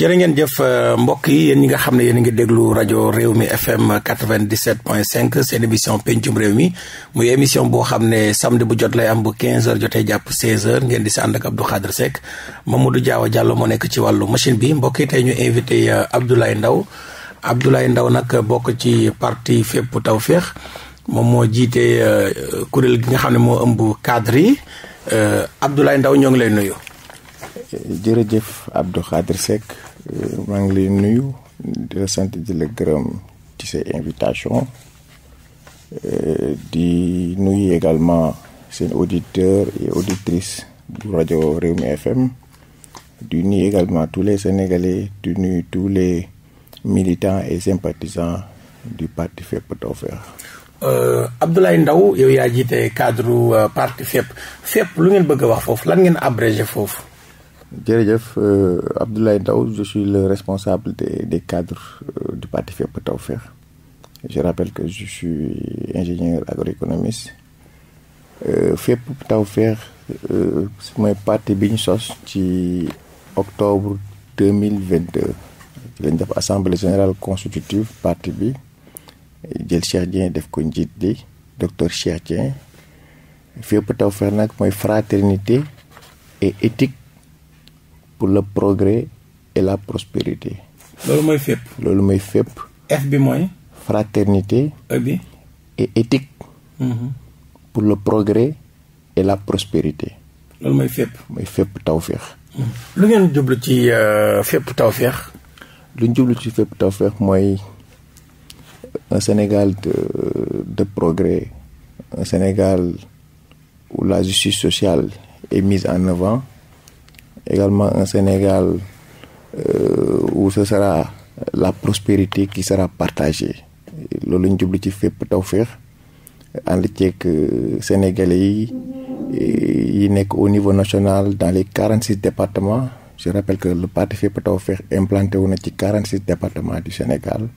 jërë ngeen jëf euh, mbokk yi yéen ñi nga xam ne yéen a ngi déglu rajo réew mi FM 97.5 seen émission pencum réew mi muy émission boo xam ne samedi bu jot lay am bu 15 jotee jàpp 16h ngeen di si ànd ak Abdou Khadre Seck Mamadou Diawa Diallo moo nekk ci wàllu machine bi mbokk yi tey ñu invité euh, Abdoulaye Ndao Abdoulaye Ndao nag bokk ci parti fépp taw Tawféex moom moo jiite euh, kuréel gi nga xam ne moo ëmb cadre yi Abdoulaye Ndao ñoo ngi lay nuyu. jërëjëf Abdou Khadre Seck. maa ngi lay nuyu di la sant di gërëm ci sa invitation euh, di nuyu également seen auditeur et auditrices du rajo Rewmi FM di nuyu également tous les Sénégalais di nuyu tous les militants et sympathisants di parti fépp Tawfekh. Euh, Abdoulaye Ndao yow yaa jiite cadre euh, parti fépp Fepp lu ngeen bëgg a wax foofu lan ngeen abrégé foofu. jërëjëf euh, Abdoulaye Ndao je suis le responsable des des cadres euh, du parti Fepp Tawfekh je rappelle que je suis ingénieur agroéconomiste euh, Fepp Tawfekh mooy parti bi ñu sos ci octobre deux mille vingt deux lañ def assemblée générale constitutive parti bi jël Cheikh Dieng def ko njiit di docteur Cheikh Dieng Fepp Tawfekh nag mooy fraternité et éthique. pour le progrès et la prospérité. loolu mooy fépp. loolu mooy fépp. bi mooy. fraternité. E bi. et mhm. pour le progrès et la prospérité. loolu mooy fépp. mooy fépp tawféex. Mhm. lu ngeen jublu ci euh, fépp tawféex. lu ñu ci fépp mooy euh, un Sénégal euh, de progrès un Sénégal où la justice sociale est mise en avant. également un Sénégal euh, où ce sera la prospérité qui sera partagée loolu la ñu jublu ci fépp tawféex ànd ceeg euh, sénégalais yi yi nekk au niveau national dans les quarante six département je rappelle que le parti fépp tawféex implanté wu na ci quarante six département du Sénégal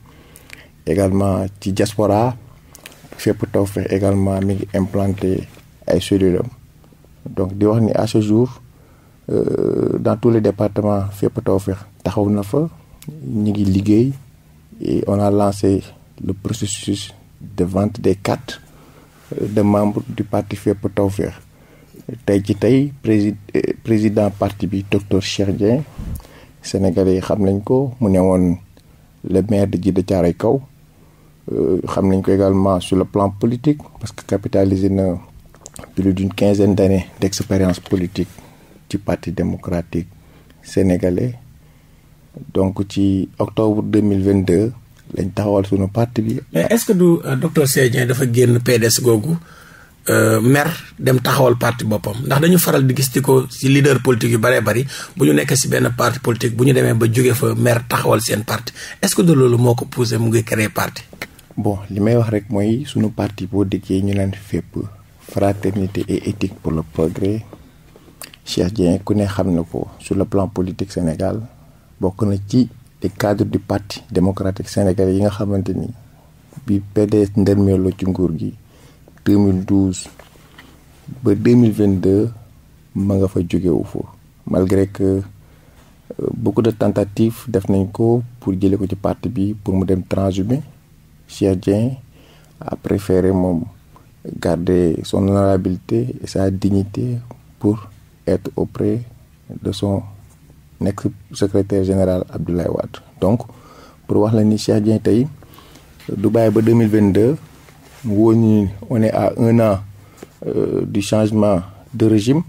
également ci diaspora fépp tawféex également mi ngi implanté ay cellules donc di wax ni à ce jour. Euh, dans tous les départements fépp Tawfekh taxaw na fa ñu ngi liggéey et on a lancé le processus de vente des quatre euh, de membre du parti fépp Tawfekh tey ci tey prési euh, président parti bi docteur Cheikh Dieng sénégalais yi xam nañ ko mu ne woon le maire de Djiddah Thiaroye Kaw xam nañ ko également sur le plan politique parce que capitalisé na plus d'une quinzaine d'années d'expérience politique ci parti démocratique sénégalais donc ci octobre deux mille vingt deux lañ taxawal suñu parti bi. mais est-ce que du euh, docteur Seye Dieng dafa génn PDS googu euh, mer dem taxawal parti boppam ndax dañu faral di gis ci ko ci leader politique yu bëree bari bu ñu nekkee ci benn parti politique bu ñu demee ba jóge fa mer taxawal seen parti est-ce que du loolu moo ko poussé mu ngi créer parti. bon li may wax rek mooy suñu parti boo déggee ñu leen fépp fraternité et éthique pour le progrès. Cheikh Dieng ku ne xam ne ko sur le plan politique Sénégal bokk na ci les cadres du parti démocratique sénégal yi nga xamante ni bi PDS ndërmeeloo ci nguur gi 2012 ba 2022 ma nga fa jógewu fa malgré que euh, beaucoup de tentatives def nañ ko pour jële ko ci parti bi pour mu dem transhumé Cheikh Dieng a préféré moom garder son honorabilité et sa dignité pour être auprès de son ex secrétaire général Abdoulaye Wade donc pour wax la ni Cheikh Dieng tey du bàyyi ba 2022 mu wóor ñu on est à un an euh, du changement de régime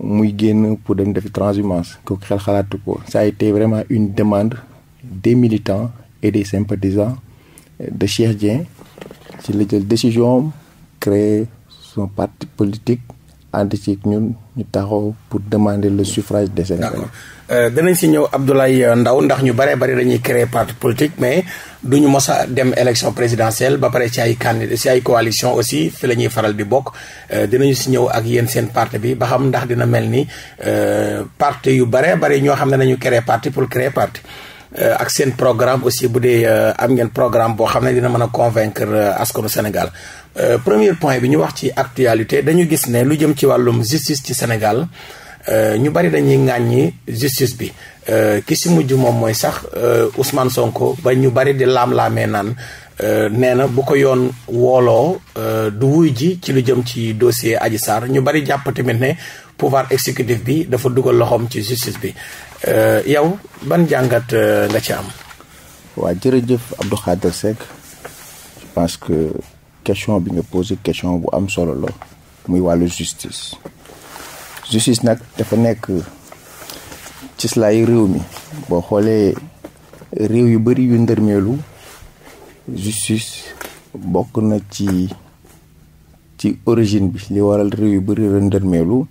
muy génn pour dem def transhumance kooku xel xalaatu ko ça a été vraiment une demande des militants et des sympathisants euh, de Cheikh Dieng ci la jël décision créer son parti politique ànd ci ñun ñu taxaw pour demander le suffrage des Sénégalais. d'accord euh, danañ si ñëw Abdoulaye ndaw ndax ñu baree bari dañuy créer parti politique mais duñu mos a dem élection présidentielle ba pare si ay candidat si ay coalition aussi fi la ñuy faral di bokk euh, dinañu si ñëw ak yéen seen parti bi ba xam ndax dina mel ni euh, parti yu baree bari ñoo xam ne nañu créer parti pour créer parti. ak seen programme aussi bu dee am ngeen programme boo xam ne dina mën a convaincre askanu Sénégal. Euh, premier point bi ñu wax ci actualité dañu gis ne lu jëm ci wàllum justice ci Sénégal euh, ñu bari dañuy ŋàññi justice bi euh, ki si mujj moom mooy sax Ousmane Sonko ba ñu bari di laam-laamee naan nee na bu ko yoon wooloo du wuy ji ci lu jëm ci dossier Adji ñu bari jàpp tamit ne pouvoir exécutif bi dafa dugal loxoom ci justice bi yow ban jàngat nga ci am. waa jërëjëf Abdou Khadre Seck question bi nga posé question bu am solo la muy wàllu justice justice nag dafa nekk ci silaayu réew mi boo xoolee réew yu bari yu ndërmeelu justice bokk na ci ci origine bi li waral réew yu bari yu ndërmeelu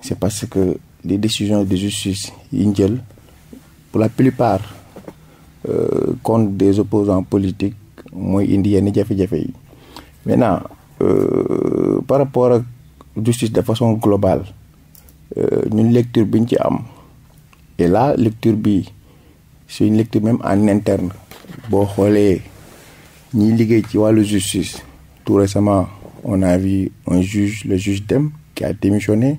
c'est parce que les décision de justice yi ñu jël pour la plupart euh, contre des opposants politiques mooy indi yenn jafe-jafe yi maintenant euh, par rapport ak justice de façon globale euh, ñun lecture bi ñu ci am et la lecture bi c'est une lecture même en interne boo xoolee ñuy liggéey ci wàllu justice tout récemment on a vi un juge le juge Dème qui a démissionné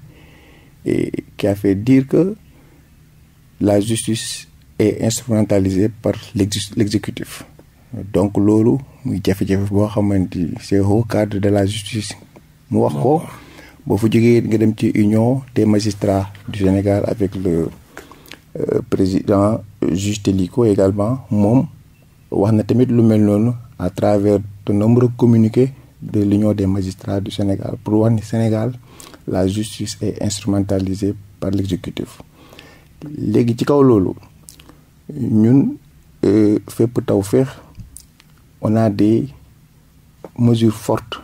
et qui a fait dire que la justice est instrumentalisée par l'exécutif donc loolu muy jafe-jafe boo xamante ni c'est au cadre de la justice mu wax ko boo fa jógee nga dem ci union des magistrats du Sénégal avec le euh, président euh, juge Téliko également moom wax na tamit lu mel noonu à travers de nombre communiqués de l'union des magistrats du Sénégal pour wax ni Sénégal la justice est instrumentalisée par l'exécutif léegi ci kaw loolu ñun euh, fépp taw féex on a des mesures fortes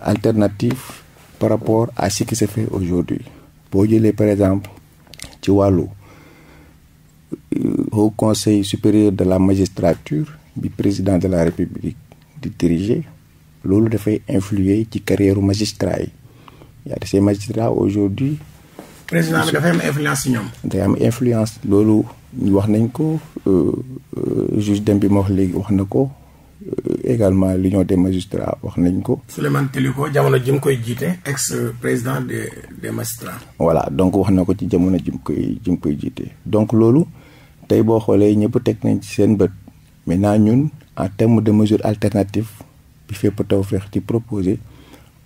alternatives par rapport à ce qui se fait aujourd'hui boo jëlee par exemple ci wàllu euh, au conseil supérieur de la magistrature bi président de la république di diriger loolu dafay influer ci carrière magistrat yi y a de ces magistrats aujourd'hui président bi dafay am influence ñoom. day am influence loolu wax nañ ko euh, euh, juge dem bi ma wax léegi wax na ko Euh, également l'union des magistrats wax nañ ko. Souleymane Téliko jamono ji koy jiite. ex président des des magistrats. voilà donc wax na ko ci jamono jim koy ji koy jiite donc loolu tey boo xoolee ñëpp teg nañ ci seen bët mais maintenant ñun en terme de mesures alternatives bi fépp taw feex ci proposé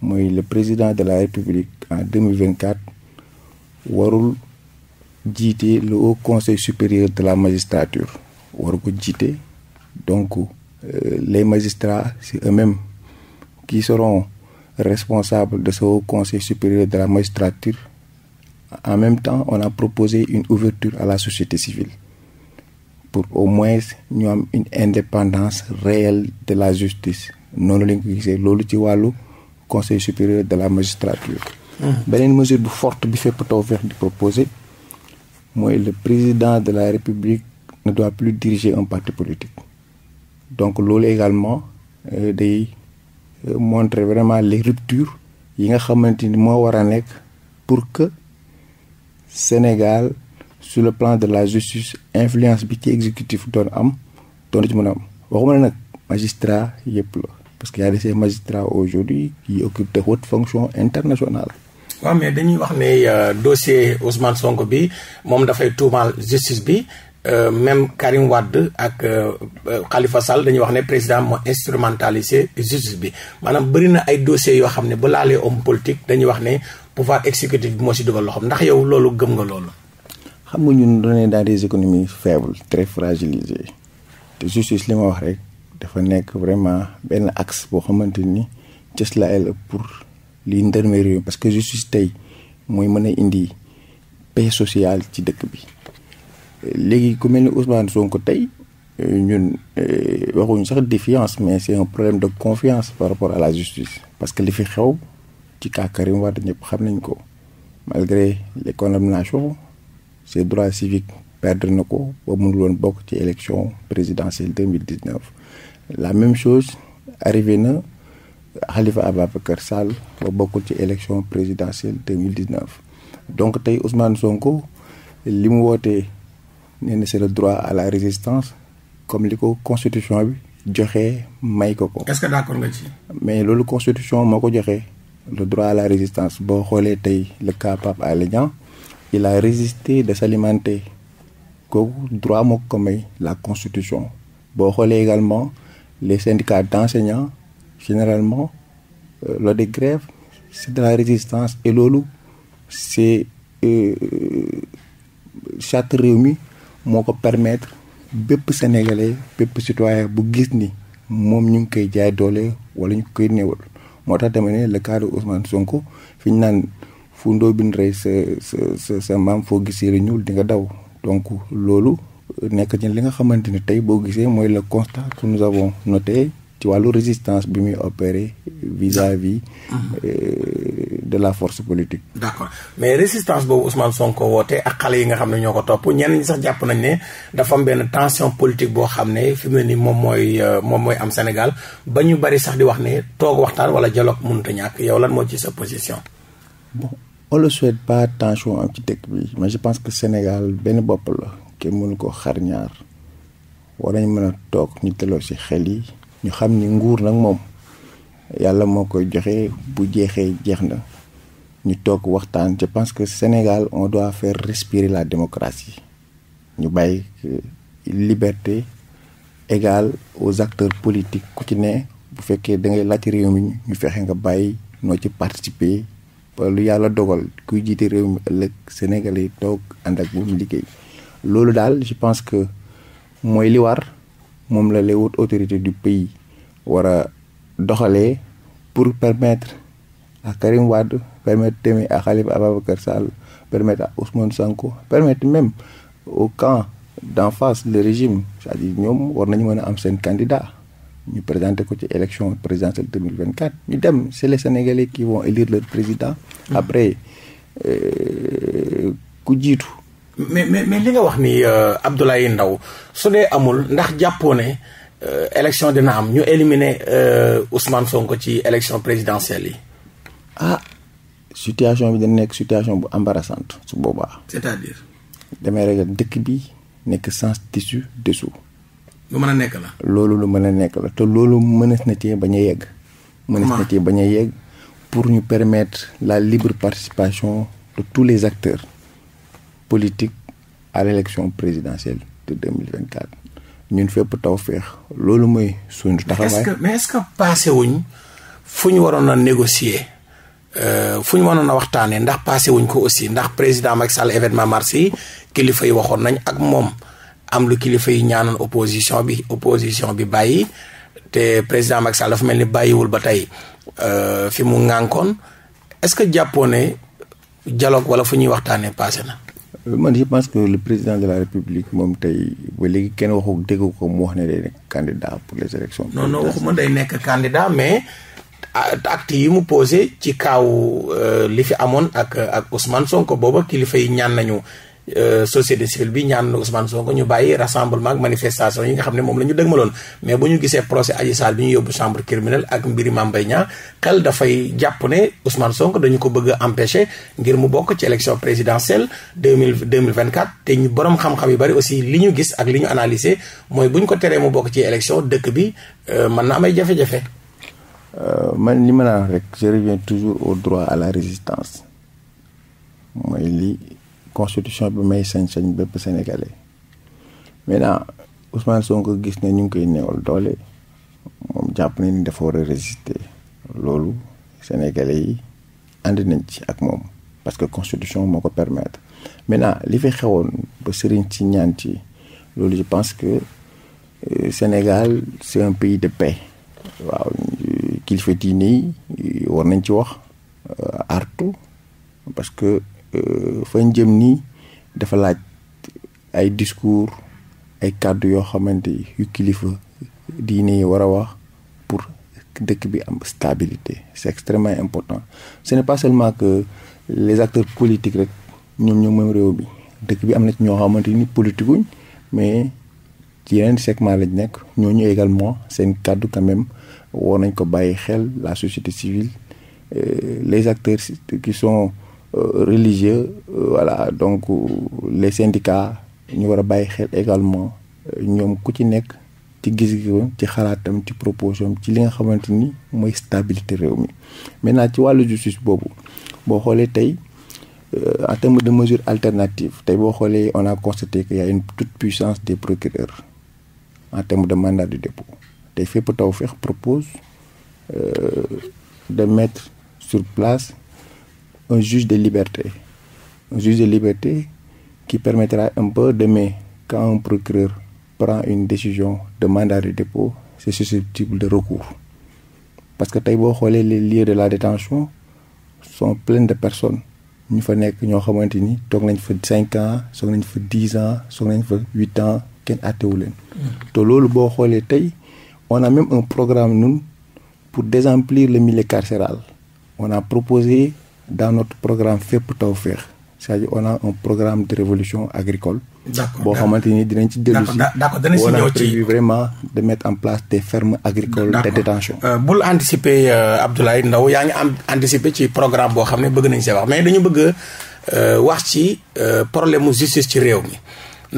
mooy le président de la république en 2024 warul jiite le haut conseil supérieur de la magistrature waru ko jiite donc. Euh, les magistrats, c'est eux-mêmes qui seront responsables de ce Conseil supérieur de la magistrature. En même temps, on a proposé une ouverture à la société civile pour au moins ñu am une indépendance réelle de la justice noonu lañ ko gisee loolu ci wàllu conseil supérieur de la magistrature. Ah. beneen mesure bu forte bi fépp Tawfekh di proposer mooy le président de la république ne doit plus diriger un parti politique. donc loolu également euh, day euh, montrer vraiment les ruptures yi nga xamante ni moo war a nekk pour que Sénégal su le plan de la justice influence bi ci exécutif doon am doon ci mun am waxuma ne nag magistrat yëpp la parce que y a des magistrats aujourd'hui qui occupent de hautes fonctions internationales waaw mais dañuy wax ne euh, dossier Ousmane Sonko bi moom dafay tuumaal justice bi Euh, même Karim Wade ak euh, euh, Khalifa Sall dañuy wax ne président moo instrumentalisé justice bi maanaam bëri na ay dossiers yoo xam ne ba laalee homme politique dañuy wax ne pouvoir exécutif bi moo si dugal loxoom ndax yow loolu gëm nga loolu. xam nga ñun dañoo dans des économies faibles très fragilisées te justice li ma wax rek dafa nekk vraiment benn axe boo xamante ni cëslaay la pour liy ndërmee réew parce que justice tey mooy mën a indi paix sociale ci dëkk bi. léegi ku mel ni Ousmane Sonko tey euh, ñun euh, waxuñ sax défiance mais c'est un problème de confiance par rapport à la justice parce que li fi xew ci cas Karim Wade ñëpp xam nañ ko malgré les condamnations ses droits civiques perdre na ko ba mënul woon bokk ci élection présidentielle 2019 la même chose arrivé na Khalifa Ababacar Sall ba bokkul ci élection présidentielle 2019 donc tey Ousmane Sonko li mu wootee nee na c'est le droit à la résistance comme li ko constitution bi joxe may ko ko. est que d'accord nga ci. mais loolu constitution moo ko joxe le droit à la résistance boo xoolee tey le cas Pape Alé Niang il a résisté de s'alimenter kooku droit moo ko may la constitution boo xoolee également les syndicats d'enseignants généralement euh, lors des grèves c'est de la résistance et loolu si euh, euh, charte Rewmi moo ko permettre bépp sénégalais bépp citoyen bu gis ni moom ñu ngi koy jaay doole wala ñu koy néewal moo tax tamit ne le cas de Ousmane fi ñu naan fu ndóobin rey sa sa sa sa maam foo gisee lu ñuul di nga daw donc loolu nekk ci li nga xamante ni tey boo gisee mooy le constat que nous avons noté ci wàllu résistance bi muy opérer vis-à-vis uh-huh. euh, de la force politique. d'accord mais résistance boobu Ousmane Sonko woote ak xale yi nga xam ne ñoo ko topp ñenn ñu sax jàpp nañ ne dafa am benn tension politique boo xam ne fi mu ne nii moom mooy euh, moom mooy am Sénégal ba ñu bari sax di wax ne toog waxtaan wala dialogue mënut a ñàkk yow lan moo ci sa position. bon on ne souhaite pas tension am ci je pense que Sénégal benn bopp la kenn mënu ko xar ñaar war nañ mën a toog ñu teloo si xel yi. ñu xam ni nguur nag moom yàlla moo koy joxe bu jeexee jeex na ñu toog waxtaan je pense que Sénégal on doit fair respirer la démocratie ñu bàyyi liberté égal aux acteurs politiques ku ci ne bu fekkee da ngay laaj réew mi ñu fexe nga bàyyi noo ci participer ba lu yàlla dogal kuy jiite réew mi ëllëg Sénégalais toog ànd ak moom liggéey loolu daal je pense que mooy li war. moom la les hautes autorité du pays war a doxalee pour permettre à Karim Wade permettre tamit à Khalifa Ababacar saal permettre à Ousmane Sonko permettre même au camp d'en face le régime c'est-à-dire ñoom war nañu mën a am seen candidat ñu présenté ko ci élection présidentielle 2024 ñu dem c'est les Sénégalais qui vont élire leur président mmh. après euh, ku jiitu mais mais mais li nga wax ni euh, Abdoulaye Ndao su dee amul ndax jàppoo ne euh, élection dina am ñu éliminer euh, Ousmane Sonko ci élection présidentielle yi. ah situation bi dana nekk situation bu embarrassante su boobaa. c'est-à-dire. demee ragal dëkk bi nekk sans tissu dessous. lu mën a nekk la. loolu lu mën a nekk la te loolu mënees na cee bañ a yegg. mënees na cee bañ a yegg pour ñu permettre la libre participation de tous les acteurs. politique à l'élection présidentielle de ñun fépp taw féex loolu mooy suñu taxawaay. mais est-ce que passé wuñ fu ñu waroon a négocier euh, fu ñu waroon a waxtaanee ndax passé wuñ ko aussi ndax président Macky Sall événement mars yi kilifa yi waxoon nañ ak moom am lu kilifa yi ñaanoon opposition bi opposition bi bàyyi te président Macky Sall dafa mel ni bàyyiwul ba tey euh, fi mu ŋànkoon est-ce que jàppoo ne dialogue wala fu ñuy waxtaanee passé na. Euh, man je pense le président de la moom tey ba léegi kenn waxu dégg ko mu wax ne day nekk candidat pour les élections. non non waxuma day nekk candidat mais acte yi mu ci kaaw euh, li fi amoon ak ak Ousmane ko booba kilifa yi ñaan nañu. Euh, société civile bi ñaan na Ousmane Sonko ñu bàyyi rassemblement ak manifestation yi nga xam ne moom la ñu dëgmaloon mais bu ñu gisee procès Adji Sarr bi ñu yóbbu chambre criminelle ak mbiri Mame Mbaye Niang xel dafay jàpp ne Ousmane Sonko dañu ko bëgg a ngir mu bokk ci élection présidentielle deux mille deux mille vingt te ñu borom xam-xam yu bari aussi li ñu gis ak li ñu analyser mooy bu ñu ko teree mu bokk ci élection dëkk bi euh, man na am ay jafe-jafe. Euh, man ni ma a rek je reviens toujours au droit à la résistance li. constitution bi may sañ-sañ bépp sénégalais maintenant Ousmane Sonko gis ne ñu ngi koy neewal doole moom jàpp nañ ni dafa war a résister loolu sénégalais yi ànd nañ ci ak moom parce que constitution moo ko permettre maintenant li fi xewoon ba sëriñ ci ñaan ci loolu je pense que euh, Sénégal c'est un pays de paix waaw kilifa diine yi war nañ ci wax euh, artu parce que Euh, fañ jëm nii dafa laaj ay discours ay kàddu yoo xamante yu kilifa diine yi war a wax pour dëkk bi am stabilité c'est extrêmement important ce n'est pas seulement que les acteurs politiques rek ñoom ñoom réew bi dëkk bi am na ci ñoo xamante ni politikuñ mais ci yeneen segment lañ nekk ñooñu également seen kàddu quand même war nañ ko bàyyi xel la société civile euh, les acteurs qui sont Euh, religieux euh, voilà donc euh, les syndicats ñu war a bàyyi xel également ñoom ku ci nekk ci gis-gisam ci xalaatam ci proposion ci li nga xamante ni mooy stabilité réew mi maintenant ci wàllu justice boobu boo xoolee tey en terme de mesures alternatives tey boo xoolee on a constaté que y a une toute puissance des procureurs en terme de mandat de dépôt tey fépp taw fex propose de mettre sur place un juge de liberté. Un juge de liberté qui permettra un peu demain, quand un procureur prend une décision de mandat de dépôt, c'est susceptible de recours. Parce que tey boo xoolee les lieux de la détention sont pleins de personnes ñu fa nekk ñoo xamante ni toog nañ fa cinq ans soog nañ fa dix ans soog nañ fa huit ans kenn àttewu leen. te loolu boo xoolee tey on a même un programme nun pour désemplir le milieu carcéral on a proposé dans notre programme fépp Tawfekh c'est-à-dire on a un programme de agricole. d'accord boo xamante ni dinañ ci dellu si. d'accord danañ si ñëw vraiment de mettre en place des fermes agricoles. de détention. Euh, bul anticiper euh, Abdoulaye Ndao yaa ngi am anticiper ci programme boo xam ne bëgg nañ see wax mais dañu bëgg a euh, wax ci problème mu justice ci réew mi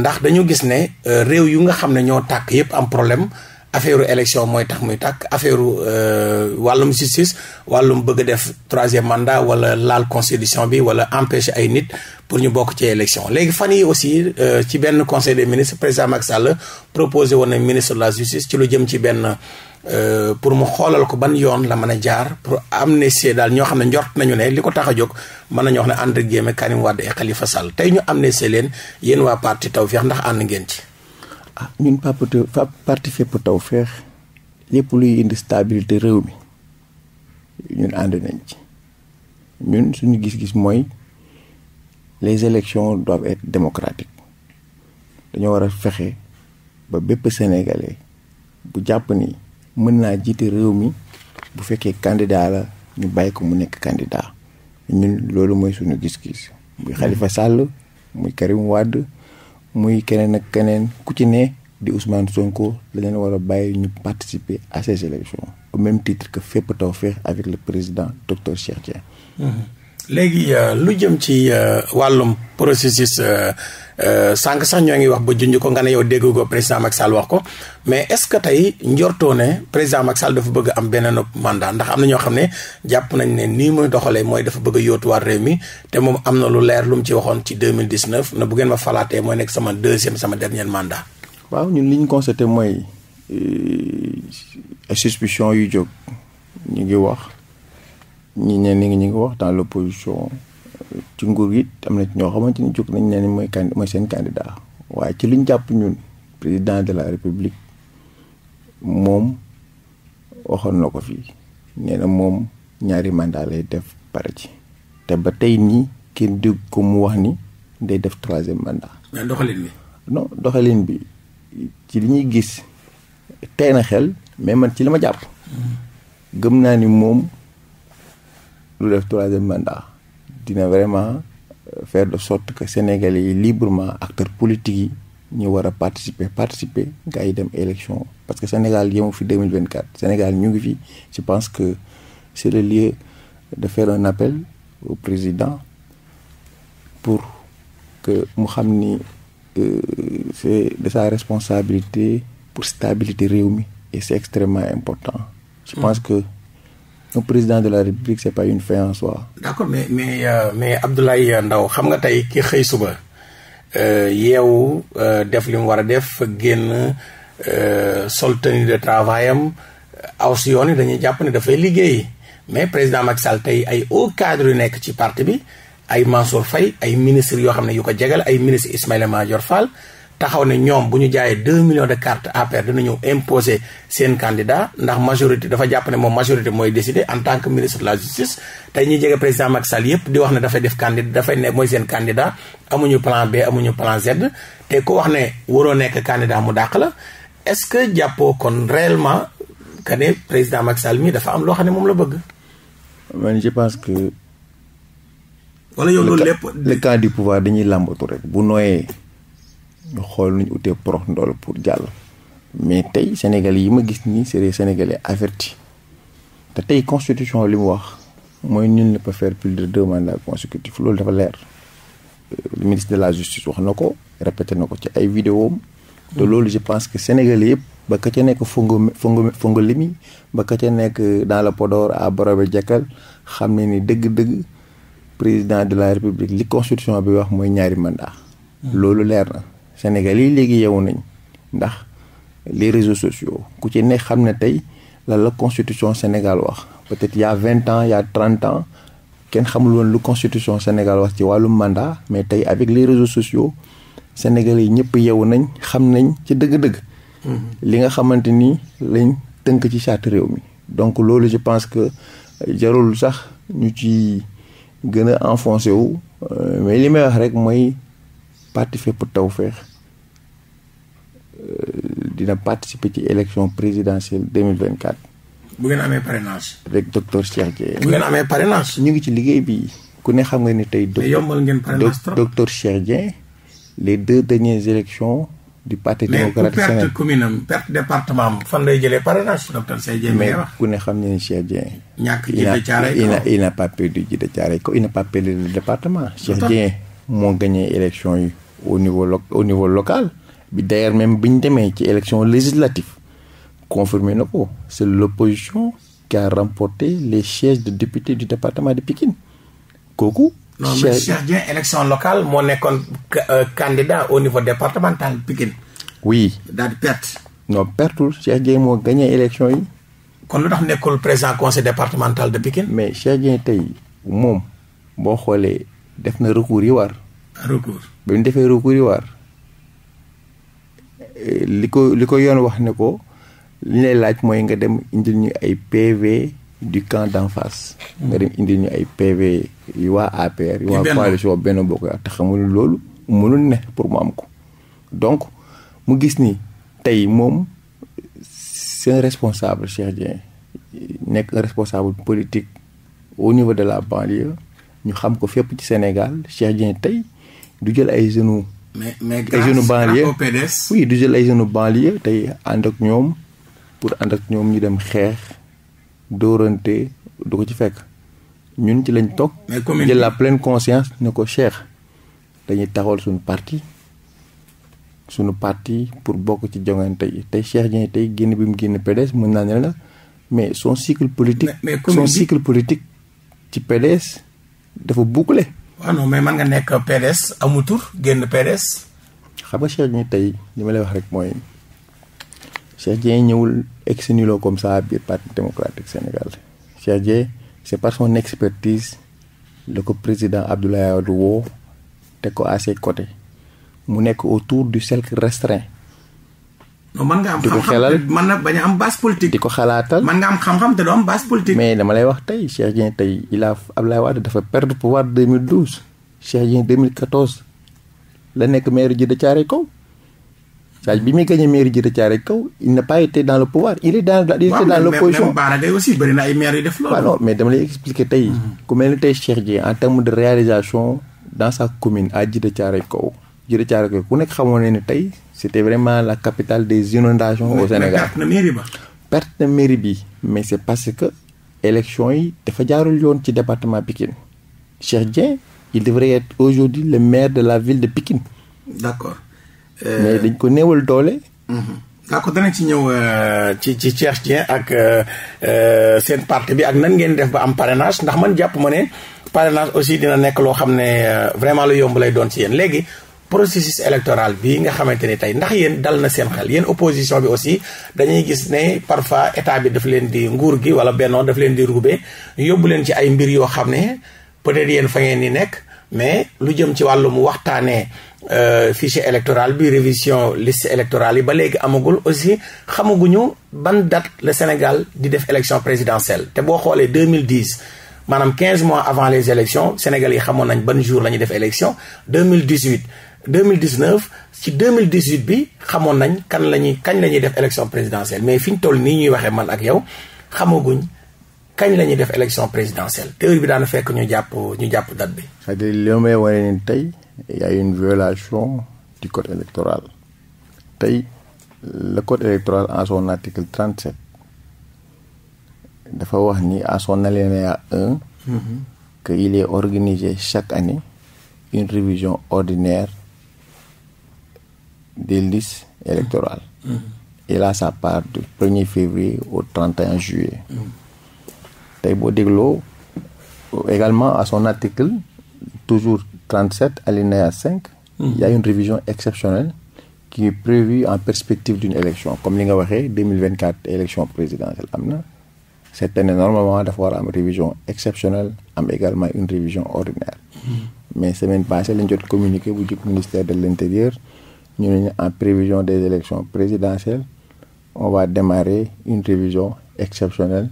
ndax dañu gis ne réew yu nga xam ne ñoo tàkk yépp am problème. affaire élection mooy tax muy tàkk affaire euh, wàllum justice wàllum bëgg a def troisième mandat wala laal constitution bi wala empêcher ay nit pour ñu bokk ci élection léegi fan yi aussi euh, ci benn conseil des ministres président Macky Sall proposé woon ministre la justice ci lu jëm ci benn euh, pour mu xoolal ko ban yoon la mën a jaar pour am amnistie daal ñoo xam ne njort nañu ne li ko tax a jóg mën nañu wax ne André Guémé Karim Wade a Khalifa Sall tey ñu amnistie leen yéen waa parti Tawfekh ndax ànd ngeen ci. ah ñun papa fa parti fépp taw feex lépp luy indi stabilité réew mi ñun ànd nañ ci ñun suñu gis-gis mooy les élections doivent être démocratiques dañoo war a fexe ba bépp sénégalais bu jàpp ni mën naa jiite réew mi bu fekkee candidat la ñu bàyyi ko mu nekk candidat ñun loolu mooy suñu gis-gis muy Khalifa Sall muy Karim wàdd muy keneen ak keneen ku ci ne di Ousmane Sonko la leen war bàyyi ñu participer à ces élections au même titre que Fépp Tawfekh avec le président docteur Cheikh léegi euh, lu jëm ci euh, wàllum processus euh, sànq sax ñoo ngi wax ba junj ko nga ne yow dégg ko président Macky Sall wax ko mais est-ce que tey njortoo ne président Macky Sall dafa bëgg am beneen mandat ndax am na ñoo xam ne jàpp nañ ne nii muy doxalee mooy dafa bëgg a réew mi te moom am na lu leer lu mu ci waxoon ci 2019 ne bu ngeen ma falaatee mooy nekk sama deuxième sama dernier mandat. waaw ñun li ñu constaté mooy suspicion yu jóg ñu ngi wax. ñi ñeen ñi ngi wax dans l'opposition ci nguur yi am na ci ñoo xamante ni jóg nañ ne mooy can mooy seen candidat waaye ci liñ jàpp ñun président de la république moom waxoon na ko fii nee na moom ñaari mandat lay def pare ci te ba tey nii kenn dégg ko mu wax ni day def troisième mandat. mais doxalin bi. non doxalin bi ci li ñuy gis tey na xel mais man ci li ma jàpp. Mm-hmm. gëm naa ni moom. lu def troisième mandat dina vraiment euh, fair de sorte que Sénégalais yi librement acteurs politiques yi ñu war a participer participer gars dem élection parce que Sénégal yemu fi 2024 Sénégal ñu ngi fi je pense que c'est le lieu de faire un appel au président pour que mu xam ni euh, c'est de sa responsabilité pour stabilité réew mi et c'est extrêmement important je mmh. pense que un président de la république c'est pas une fin en soi. d'accord mais mais euh, mais ndaw xam nga tey ki xëy suba euh, yeewu euh, def li war a def génn euh, sol tenue de travail am aw si yoon yi dañuy jàpp ne dafay liggéey mais président Macky Sall tey ay hauts cadres yu nekk ci parti bi ay Mansour Faye ay ministres yoo xam ne yu ko jegal ay ministre Ismaïla Madior Fall. taxaw ne ñoom bu ñu jaayee deux millions de cartes APR dina ñëw imposer seen candidat ndax majorité dafa jàpp ne moom majorité mooy décider en tant que ministre de la justice tey ñuy jege président Macky Sall yëpp di wax ne dafay def candidat dafay ne mooy seen candidat amuñu plan B amuñu plan Z te ku wax ne waroo nekk candidat mu dàq la est-ce que jàppoo kon réellement que président Macky mii dafa am loo xam ne moom la bëgg. je pense que. wala yow loolu lépp le cas du pouvoir dañuy bu noyee. ñu xool ñu utee prox ndool pour jàll. mais tey sénégal yi ma gis nii c'est des sénégalais avertis te tey constitution li mu wax mooy nul ne peut faire plus de deux mandats consécutifs loolu dafa leer. Euh, le ministre de la justice wax na ko répété na ko ci ay vidéo te mm. loolu je pense que sénégalais yëpp. ba ka ca nekk fongo fongo fongo mi ba ka ca nekk dans le Podor à Borobe Jakkal xam ne ni dëgg-dëgg président de la république li constitution bi wax mooy ñaari mandat mm. loolu leer na. Sénégal yi léegi yow nañ ndax les réseau sociaux ku ci ne xam ne tey la la constitution Sénégal wax peut-être y a vingt ans y a trente ans kenn xamul woon lu constitution Sénégal wax ci wàllu mandat mais tey avec les réseaux sociaux Sénégal yi ñëpp yeewu nañ xam nañ ci dëgg-dëgg. Mm-hmm. li nga xamante ni lañ tënk ci charte mi. donc loolu je pense que jarul sax ñu ci gën a enfoncé wu euh, mais li may wax rek mooy parti fépp tawféex euh, dina participer ci élection présidentielle deux mille vingt quatre. bu ngeen amee parrainage. avec docteur Cheikh Dieye. bu ngeen amee parrainage. ñu ngi ci liggéey bi ne xam nga ni tey. mais yombal ngeen parrainage trop docteur Cheikh Dieye les deux dernières du parti démocratique Sénégal mais perte commune am perte fan lay jëlee parrainage docteur Cheikh Dieye ne xam ne Cheikh Dieye. ñàkk jiite Thiaroye n'a pas perdu jiite Thiaroye Kaw il n'a pas perdu le département. moo gagné élection yi. au niveau lo au niveau local bi d'ailleurs même bi ñu demee ci élection législative confirmé na ko c'est l'opposition qui a remporté les sièges de députés du département de Pikine kooku. non mais Cheikh Dieng locale moo nekkoon euh, candidat au niveau départemental Pikine. oui daal di perte. non pertul Cheikh Dieng moo gagné yi. kon lu tax nekkul président conseil départemental de Pikine. mais Cheikh Dieng tey moom boo xoolee def na recours yi war. recours ba mu defee recours yi waar eh, li ko li ko yoon wax ne ko li lay laaj mooy nga dem indil ñu ay PV du camp d'en face. nga dem indil ñu ay PV yi waa APR. yi waa coalition benn bokk at te xamul loolu mënul ne pour mu am ko. donc mu gis ni tey moom seen responsable Cheikh Dieng nekk responsable politique au niveau de la banlieue ñu xam ko fépp ci Sénégal Cheikh Dieng tey. du jël ay jeunes. mais mais grâce à PDS oui du jël ay jeunes banlieue tey ànd ak ñoom pour ànd ak ñoom ñu dem xeex dóorante du ko ci fekk ñun ci lañ toog. jël la pleine conscience ne ko Cheikh dañuy taxawal suñu parti sunu parti pour bokk ci joŋante yi tey Cheikh Dieng tey génn bi mu génn PDS mën naa ne la mais son cycle politique. mais, mais son cycle politique ci PDS dafa bouclé. waaw ah non mais man nga nekk PDS amul génn PDS. xam nga Cheikh Dieng tey li ma lay wax rek mooy Cheikh Dieng ñëwul ex comme ça biir parti démocratique Sénégal Cheikh Dieng c'est par son expertise la ko président Abdoulaye Wade woo ko à ses côtés mu nekk autour du cercle restreint. man nga am man na bañ am base politique. di ko xalaatal man nga am xam-xam te doo am mais dama lay wax tey Cheikh Dieng tey il a Abdoulaye Wade dafa perdre pouvoir 2012 Cheikh Dieng 2014 la nekk maire ji de Thiaroye Kaw. saa bi muy gagné maire ji de Kaw n'a pas été dans le pouvoir il est aussi bëri na ay def loolu. waaw non mais dama lay expliquer tey. Mm-hmm. ku mel ni tey Cheikh Dieng en terme de réalisation dans sa commune à Djiddah Thiaroye Kaw Djiddah Thiaroye Kaw ku nekk xamoon ne tey. c'était vraiment la capitale des inondations au Sénégal perte na mairie bi mais c'est parce que élection yi dafa jaarul yoon ci département Pikine Cheikh Dieng il devrait être aujourd'hui le maire de la ville de Pikine d'accord mais dañ ko néewal doole euh, mhm. d'accord danañ ci ñëw euh, ci ci Cheikh Dieng ak euh, seen parti bi ak nan ngeen def ba am parrainage ndax man jàpp ma ne parrainage aussi dina nekk loo xam ne vraiment la yomb lay doon ci yéen léegi processus électoral bi nga xamante ni tey ndax yéen dal na seen xel yéen opposition bi aussi dañuy gis ne parfois état bi daf leen di nguur gi wala bennoo daf leen di ruube yóbbu leen ci ay mbir yoo xam ne peut-être yéen fa ngeen ni nekk mais lu jëm ci wàllum waxtaanee euh, fichier électoral bi révision liste électorale yi ba léegi amagul aussi xamaguñu ban date le Sénégal di def élection présidentielle te boo xoolee 2010 maanaam 15 mois avant les élections Sénégal yi xamoon nañ ban jour la ñuy def élection 2018 2019 ci 2018 bi xamoon nañ kan lañuy kañ la ñuy def élection présidentielle mais fi toll nii ñuy waxee man ak yow xamaguñ kañ la ñuy def élection présidentielle heure bi daana fekk ñu jàpp ñu jàpp date bi. c'est-à-dire li may wane ni tey a une violation du code électoral tey le code électoral en son article 37 dafa wax ni en son alinéa 1. Mm-hmm. que il est organisé chaque année une révision ordinaire. des listes électorales. Mmh. et là ça part du 1 février au 31 juillet. Mm-hmm. tey boo dégloo également à son article toujours 37 alinéa 5. Mm-hmm. il y a une révision exceptionnelle. qui est prévue en perspective d'une élection comme li nga waxee 2024 élection présidentielle am na. cette année normalement dafa war a am révision exceptionnelle am également une révision ordinaire. Mm-hmm. mais semaine passée lañ jot communiqué bu jóg ministère de l'intérieur. ñu ne en prévision des élections présidentielles on va démarrer une révision exceptionnelle.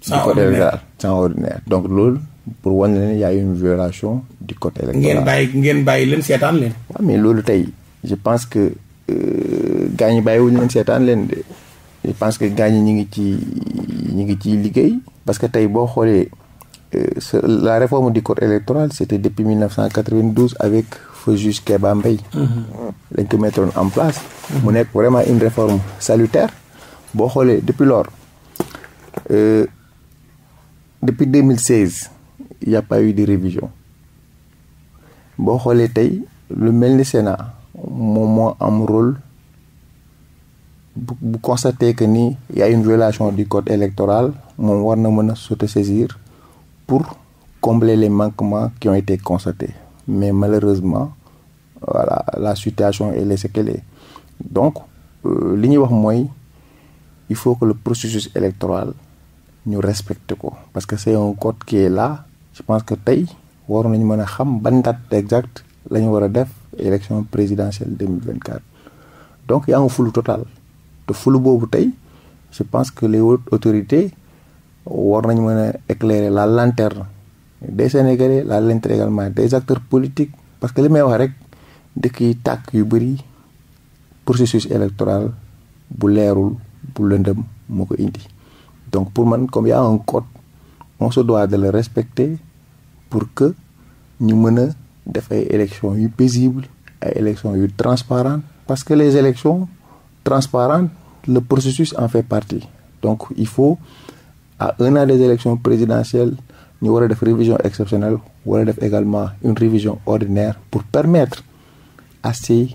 sans ordinaire sans ordinaire donc loolu pour wan leen y a une violation du code électoral. ngeen bàyyi ngeen bàyyi leen seetaan leen. waaw mais loolu tey je pense que euh, gars ñi bàyyiwuñu leen seetaan leen de je pense que gars ñi ñu ngi ci ñu ngi ci liggéey. parce que tey boo xoolee euh, la réforme du code électoral c'était depuis 1992 avec. feu juge baa mbay lañ ko mettre en place mu nekk vraiment une réforme salutaire boo xoolee depuis lors euh, depuis 2016 il y a pas eu de révision boo xoolee tey lu mel ni Sénat moom moo am rôle bu bu constater que ni y a une violation du code électoral moom war na mën a saisir pour combler les manquement qui ont été constatés mais malheureusement voilà la situation et est ce qu'elle est donc euh, li ñuy wax mooy il faut que le processus électoral ñu respecte ko parce que c'est un code qui est là je pense que tey war nañu mën a xam ban date exacte la ñu war a def élection présidentielle 2024 donc y a un flou total te flou boobu tey je pense que les autorités war nañu mën a éclairer la lanterne des Sénégalais laa leen régalment également des acteurs politiques parce que li may wax rek dëkk yi tàkk yu bëri processus électoral bu leerul bu lëndëm moo ko indi donc pour man comme y a un code on se doit de le respecter pour que ñu mën a def ay élections yu paisible ay élections yu transparentes parce que les élections transparentes le processus en fait partie donc il faut à un des élections présidentielle ñu war a def révision exceptionnelle war a def également une révision ordinaire pour permettre à ces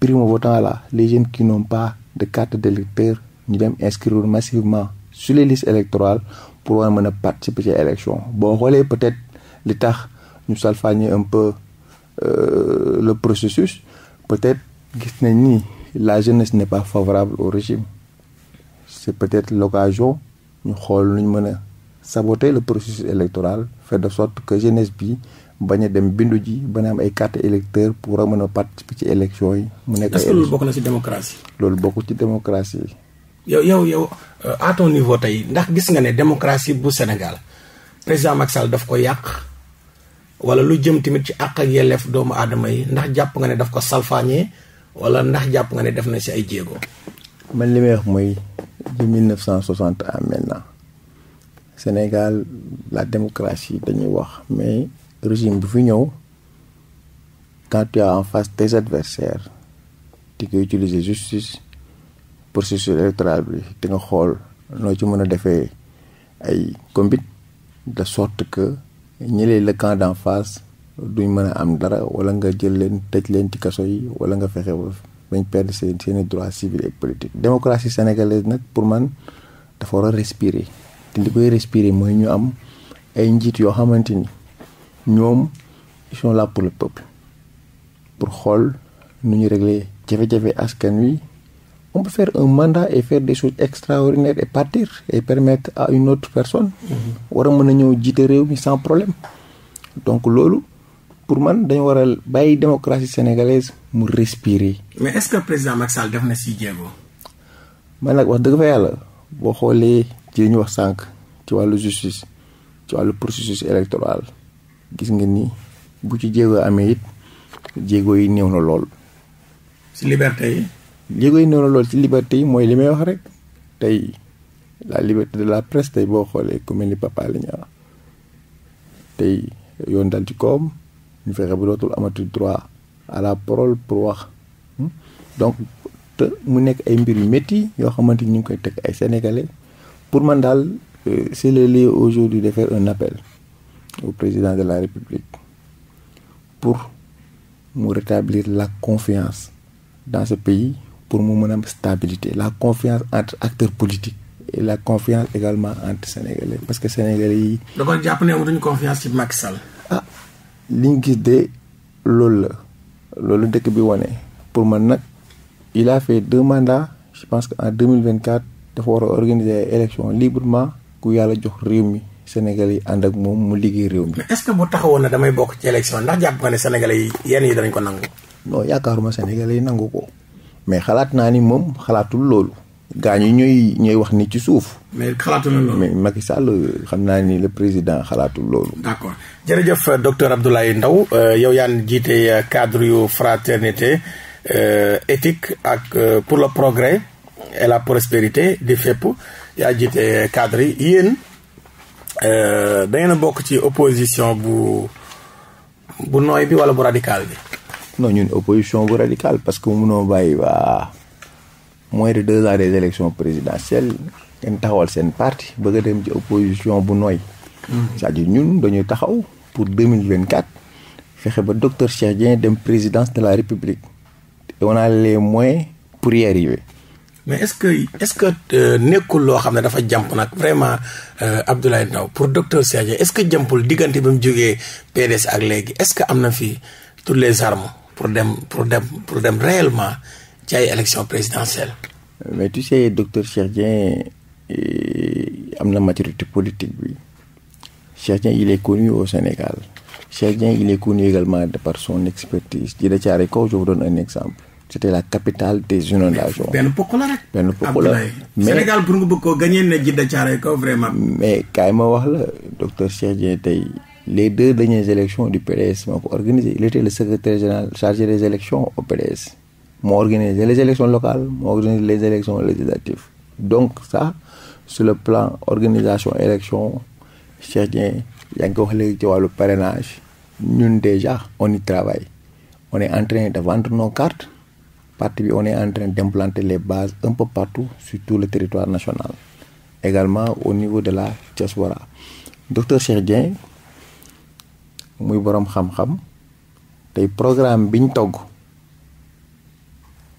primo-votants la les jeunes qui n'ont pas de carte d'électeur ñu dem inscrire massivement sur les listes électorales pour war a mën a participer ci élection boo xoolee peut-être li tax ñu salfaañe un peu euh, le processus peut-être gis nañ ni la jeunesse n'est pas favorable au régime c'est peut-être l'occasion ñu xool lu ñu mën a saboter le processus électoral fait de sorte que jeunesse bi bañ a dem bindu ji bañ a am ay carte électeur pour a mën a participer ci élection yi. mu nekk est-ce que loolu bokk na ci démocratie. loolu bokk ci démocratie. yow yow yow euh, à niveau tey ndax gis nga ne démocratie bu Sénégal président Macky Sall daf ko yàq wala lu jëm tamit ci àq ak yelleef doomu aadama yi ndax jàpp nga ne daf ko salfaañee wala ndax jàpp nga ne def na ci ay jéego. man li may wax mooy de 1960 à maintenant. Sénégal la démocratie dañuy wax mais régime bu fi ñëw quand tu en face tes adversaires di ko utiliser justice processus électoral nga xool noo ci mën a defee ay combit de sorte que ñëlee le camp d'en face duñ mën a am dara wala nga jël leen tëj leen ci kaso yi wala nga fexe bañ perdre seen seeni droits civils et politiques démocratie sénégalaise nag pour man dafa war a respirer te li koy respirer mooy ñu am ay njiit yoo xamante ni ñoom ils sont pour le peuple pour xool nu ñu régler jafe-jafe askan wi on peut faire un mandat et faire des choses extraordinaires et partir et permettre à une autre personne war a mën na ñëw jiite réew mi sans problème donc loolu pour man dañu war a bàyyi démocratie sénégalaise mu respirer. mais est président Macky Sall def si nag wax dëgg fa yàlla boo xoolee ci li ñu wax sànq ci wàllu justice ci wàllu processus électoral gis nga ni bu ci jéego amee it jéego yi néew na lool. ci liberté yi. jéego yi néew lool ci liberté yi mooy li may wax rek tey la liberté de la presse tey boo xoolee ku mel ni Papa la ñu yoon dal ci koom ñu fexe ba dootul amati droit à la parole pour wax hmm? donc te mu nekk ay mbir yu métti yoo xamante ni ñu ngi koy teg ay sénégalais. pour man daal euh, c'est le lieu aujourd'hui de faire un appel au président de la République pour mu rétablir la confiance dans ce pays pour mu mën a stabilité la confiance entre acteurs politiques et la confiance également entre sénégalais parce que sénégalais yi. da ko jàpp ne amatuñu confiance ci ah, li ñu gis de loolu la loolu dëkk bi wane pour man nag il a fait deux mandats je pense que en deux mille dafa war a organiser élection librement ku yàlla jox réew mi Sénégal yi ànd ak moom mu liggéey réew mi. est-ce que bu taxawoon na damay bokk ci élection ndax jàpp nga ne Sénégal yi yenn yi danañ ko nangu. non yaakaaruma Sénégal yi nangu ko mais xalaat naa ni moom xalaatul loolu. ñu ñuy ñooy wax ni ci suuf. mais xalaatul loolu mais Macky Sall xam naa ni le président xalaatul loolu. d'accord jërëjëf docteur Abdoulaye Ndao euh, yow yaan jiite euh, cadre yu fraternité euh, éthique ak pour le progrès. et la prospérité di fépp yaa jiite cadre yi yéen euh, da ngeen a bokk ci opposition bu bu nooy bi wala bu radical bi. noo ñun opposition bu radical parce que munoo bàyyi waa moins de deux ans des élections présidentielles ngeen taxawal seen parti bëgg a dem ci opposition bu nooy. Hmm. cest à ñun dañuy taxaw pour deux mille vingt quatre fexe ba docteur Cheikh Dieng dem présidence de la république. on a les moyens pour y mais est-ce que est-ce que euh, nekkul loo xam ne dafa jàmp nag vraiment euh, Abdoulaye naw pour docteur Sadio est-ce que jàmpul diggante bi mu jógee PDS ak léegi est-ce que am na fi toutes les armes pour dem pour dem pour dem réellement ci ay élection présidentielle mais docteur Cheikh Dieng euh, am na maturité politique bi Cheikh il e connu au Sénégal Cheikh Dieng il est connu également de par son expertise di da caare kaw je vous donne un exemple c'était la capitale des inondations. benn pokk la rek. benn pokk la mais Sénégal pour nga bëgg koo mais kaay ma wax la docteur Cheikh tey les deux dernières élections du PDS moo ko organisé il était le secrétaire général chargé des élections au moo organisé les élections locales moo organisé les élections législatives donc ça sur le plan organisation élection Cheikh Dieng yaa ngi ko wax léegi ci wàllu parrainage ñun déjà on y travaille on est en train de vendre nos parti bi on est en train les bases un peu partout sur tout le territoire national également au niveau de la diaspora docteur Cheikh Dieng muy borom xam-xam tey programme bi ñu togg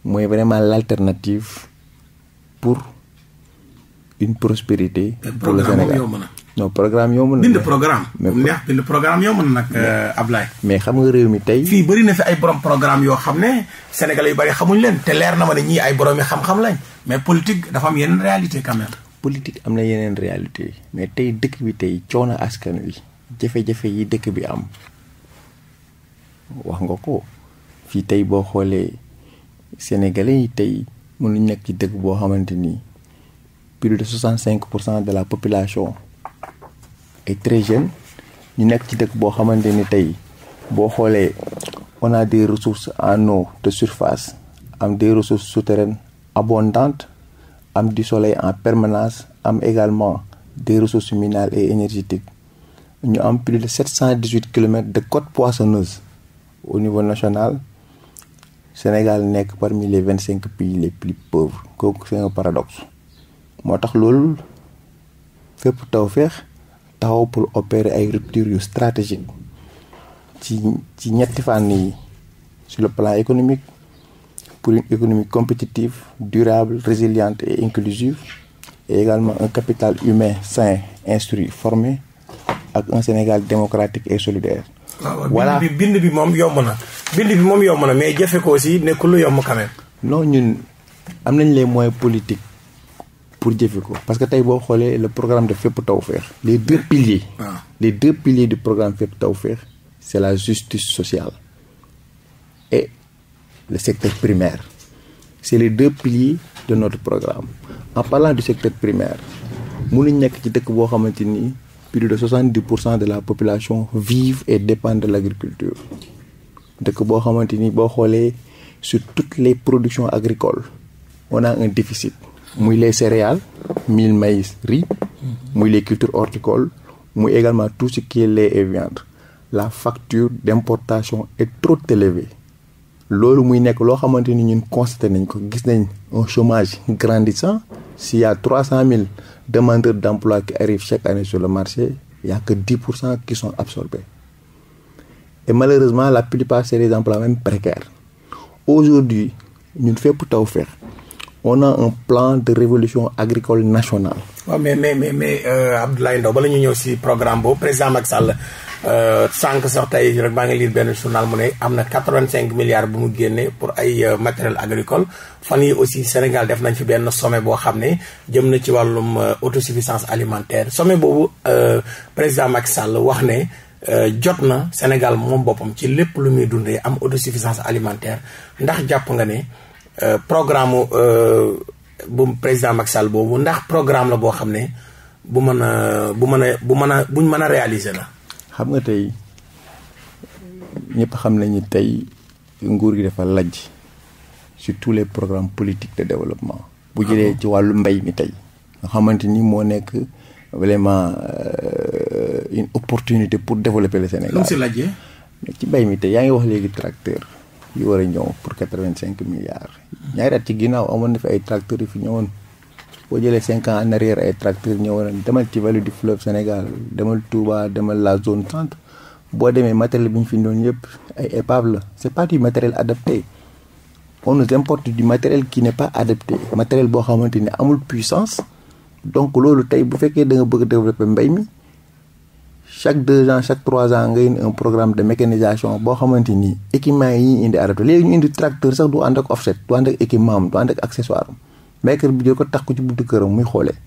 mooy vraiment l'alternative pour une prospérité pour le Sénégal non programme yomb na bind programme. neex bind programme yomb na nag euh, Ablaye. mais xam nga réew mi tey. fii bëri na fi ay borom programme yoo xam ne sénégalais yu bëri xamuñ leen te leer na ma ne ñii ay borom yi xam-xam lañ mais politique dafa am yeneen réalité quand même. am na yeneen réalité mais tey dëkk bi tey coono askan wi jafe-jafe yi dëkk bi am wax nga ko fii tey boo xoolee sénégalais yi tey mënuñ nekk ci dëkk boo xamante ni plus de cinq pour cent de la population. et très jeune ñu nekk ci dëkk boo xamante ni tey boo xoolee on a des ressources en eau de surface am des ressources souterraines abondantes am di soleil en permanence am également des ressources minérales et énergétiques ñu am plus de sept cent dix huit kilomètres de côte poissonneuse au niveau national Sénégal nekk parmi les vingt cinq pays les plus pauvres kooku c'est un paradoxe moo tax loolu fépp taw feex taxaw pour opérer ay rupture yu stratégique ci ci ñetti fànn yi sur le plan économique pour une économie compétitive durable résiliente et inclusive et également un capital humain sain instruit formé ak un Sénégal démocratique et solidaire. Ah voilà bind bi bind bi moom yomb na. bind bi moom yomb na mais jafe ko aussi nekkul lu yomb quand même. non ñun am nañ les moyen politiques. pour jëfe ko parce que tey boo xoolee le programme de fépp tawféex les deux piliers ah. les deux piliers du programme taw feex c'est la justice sociale et le secteur primaire c'est les deux piliers de notre programme en parlant du secteur primaire mënuñ nekk ci dëkk boo xamante ni plus de soixante-dix pour cent de la population vive et dépend de l'agriculture dëkk boo xamante ni boo xoolee sur toutes les productions agricoles on a un déficit muy les céréales mil maïs riz muy les cultures horticoles mu également tout ci qui est et viande la facture d'importation est trop élevée loolu muy nekk loo xamante ni ñun constaté nañ ko gis nañ un chômage grandissant s'il y a trois cent mille demandeurs d'emploi qui arrivent chaque année sur le marché il y a que dix pour cent qui sont absorbés et malheureusement la plupart c'est des emplois même précaires aujourd'hui ñun fépp taw feex on a un plan de révolution agricole nationale. waaw mais mais mais mais euh, Abdoulaye Ndao bala ñëw si programme boobu président Macky Sall euh, sànq sax tey rek maa ngi lire benn journal mu ne am na quatre-vingt-cinq milliards bu mu génnee pour ay euh, matériel agricole fan yi aussi Sénégal def nañ fi benn sommet boo xam ne jëm na ci wàllum autosuffisance alimentaire sommet boobu président Macky Sall wax ne. jot na Sénégal moom boppam ci lépp lu muy dundee am autosuffisance alimentaire ndax jàpp nga ne Euh, programme euh, bu président Macky Sall boobu ndax programme la boo xam ne bu mën a bu mën a bu mën a buñ mën a réaliser la. xam nga tey ñëpp xam nañu tey nguur gi dafa lajj sur tous les programmes politique de développement. bu ah jëlee ci wàllu mbay mi tey. nga xamante ni moo nekk euh, vraiment une opportunité pour développer le Sénégal. lu mu si lajjee. ci mbay mi tey yaa ngi wax léegi tracteur. yu war a ñëw pour quatre-vingt-cinq milliards ñaari at ci ginnaaw amoon na fi ay tracteurs yu fi ñëwoon boo jëlee cinq ans en arrière ay tracteurs ñëwoon demal ci vallée du fleuve Sénégal demal Touba demal la zone centre boo demee matériel bi ñu fi doon yëpp ay épave la c'est pas du matériel adapté on nous importe du matériel qui ne pas adapté matériel boo xamante ni amul puissance donc loolu tey bu fekkee da nga bëgg a développer mbay mi chaque deux ans chaque trois ans nga indi un programme de mécanisation boo xamante ni équipement yi ñu indi arrêté léegi ñu indi tracteur sax du ànd ak offset du ànd ak équipement am du ànd ak accessoire am maître bi jël ko tax ko ci buntu këram muy xoolee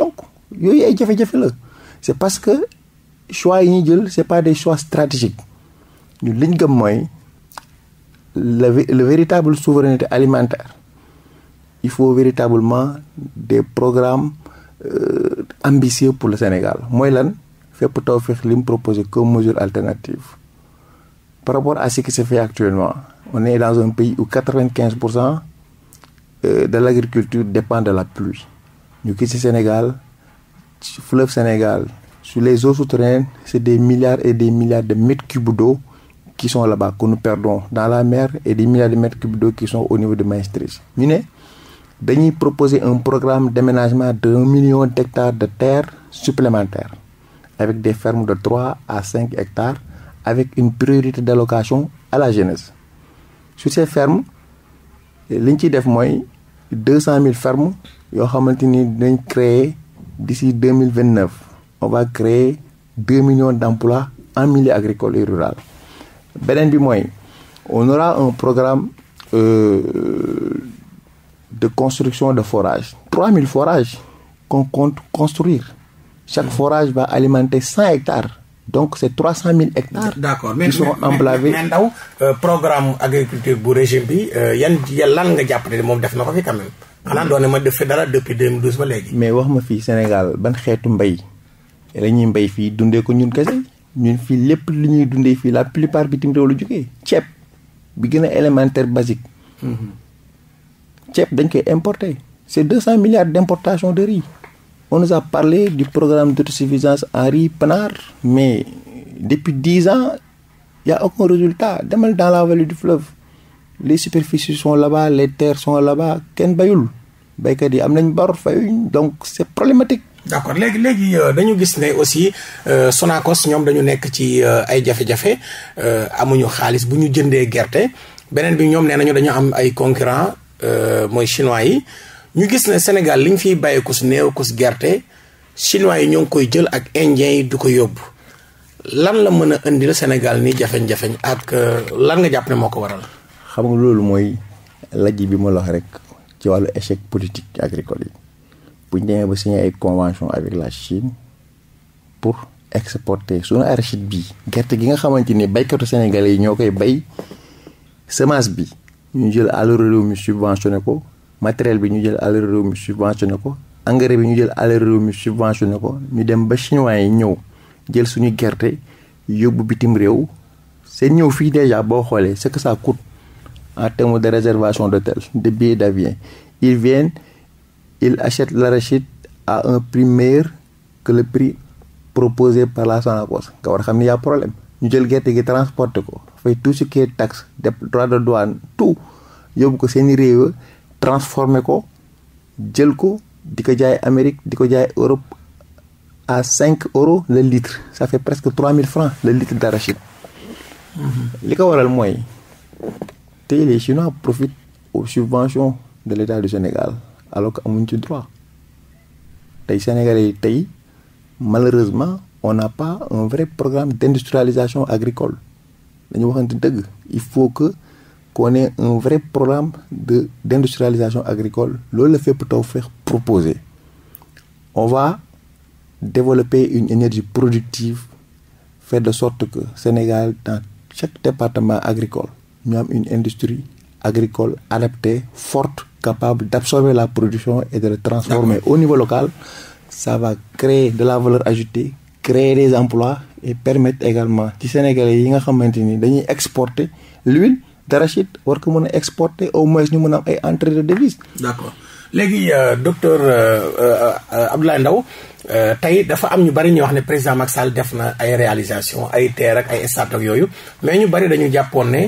donc yooyu ay jafe-jafe la c'est parce que choix yi ñuy jël c'est pas des choix stratégiques ñu liñ gëm mooy la le véritable souveraineté alimentaire il faut véritablement de programme euh, ambitieux pour Sénégal mooy lan fépp Tawfekh li mu proposé comme mesure alternative par rapport à ce qui se fait actuellement on est dans un pays où quatre-vingt-quinze pour cent euh, de l'agriculture dépend de la pluie ñu kii ci Sénégal ci fleuve Sénégal sur les eaux souterraines c'est des milliards et des milliards de mètres cubes d'eau qui sont là-bas que nous dans la mer et des milliards de mètres cubes qui sont au niveau de Maastricht ñu ne dañuy proposer un programme d'aménagement d'un million d'hectares de terre supplémentaire avec des fermes de trois à cinq hectares avec une priorité d'allocation à la jeunesse sur ces fermes li ñu ciy def mooy 200 000 fermes yoo xamante ni dinañ créer d'ici 2029 on va créer 2 millions d'emplois en milieu agricole et rural beneen bi mooy on aura un programme euh, de construction de forages 3000 forages qu'on compte construire Chaque forage va alimenter 100 hectares. donc c' est trois cent mille hectares. Ah, d' accord mais qui sont emblavés mais ndaw euh, programme agriculture bu régime bi euh, yan lan nga jàpp ne moom def na ko fi quand même. xanaa doon na ma def fi dara depuis 2012 ba léegi. mais wax ma fii Sénégal ban xeetu mbay la ñuy mbay fii dundee ko ñun kese ñun fii lépp li ñuy dundee fii la plupart bitim réew la jógee ceeb bi gën a élémentaire basique. Mhm. ceeb dañ koy importer c' est deux cent milliards d' importation de riz. on nous a parlé du programme en Henri Penard, mais depuis 10 ans, il n'y a résultat. Demal dans la vallée du fleuve, les superficies sont là-bas, les terres sont là-bas, kenn bayul béykat yi am nañ bor fayuñ donc c'est problématique. d'accord léegi léegi euh, dañu gis ne aussi euh, Sonacos ñoom dañu nekk ci euh, ay jafe-jafe amuñu xaalis bu ñu jëndee gerte beneen bi ñoom nee nañu dañu am ay concurrents mooy chinois yi. ñu gis ne Sénégal liñ fiy bàyyi kus néew kus gerte chinois yi ñoo ngi koy jël ak indien yi du ko yóbbu lan la mën a indil Sénégal ni jafeñ-jafeñ ak euh, lan nga jàpp ne moo ko waral. xam nga loolu mooy lajj bi ma la rek ci wàllu échec politique agricole yi bu ñu demee ba signé ay convention avec la Chine pour exporter suñu arachide bi gerte gi nga xamante ni baykatu sénégalais yi ñoo koy bay semence bi ñu jël àll réew mi subventionné ko. matériel bi ñu jël alal réew mi subventionné ko engrais bi ñu jël alal réew mi subventionné ko ñu dem ba chinois yi ñëw jël suñu gerte yóbbu bitim réew seen ñëw fii déjà boo xoolee ce que ça coûte en terme de réservation d'hôtel de billets d'avion ils viennent ils achètent l'arachide à un prix meilleur que le prix proposé par la Sonacos nga war xam ni y'a problème ñu jël gerte gi transporter ko fay tout ce qui est taxe droit de douane tout yóbbu ko seeni rée transformé ko jël ko di ko jaay Amérique di ko jaay Europe à cinq euros le litre ça fait presque trois mille francs le litre d'arachide mhm. li ko waral mooy te les Chinois profitent aux subvention de l'État du Sénégal alors que amuñ ci droit tey Sénégalais tey malheureusement on n'a pas un vrai programme d'industrialisation agricole dañu waxante dëgg il faut que qu'on un vrai programme de d'industrialisation agricole loolu la taw Tawfekh proposé on va développer une énergie productive faire de sorte que Sénégal dans chaque département agricole ñu am une industrie agricole adaptée forte capable d'absorber la production et de la transformer au niveau local ça va créer de la valeur ajoutée créer des emplois et permettre également ci Sénégalais yi nga xamante ni dañuy exporter l'huile d'arachide war ko mën a exporté au moins ñu mën a am ay entrées de devises. d'accord léegi euh, docteur euh, euh, Abdoulaye Ndao tey dafa am ñu bari ñoo wax ne président Macky Sall def na ay réalisation ay terre ak ay stade yooyu mais ñu bari dañu jàppoon ne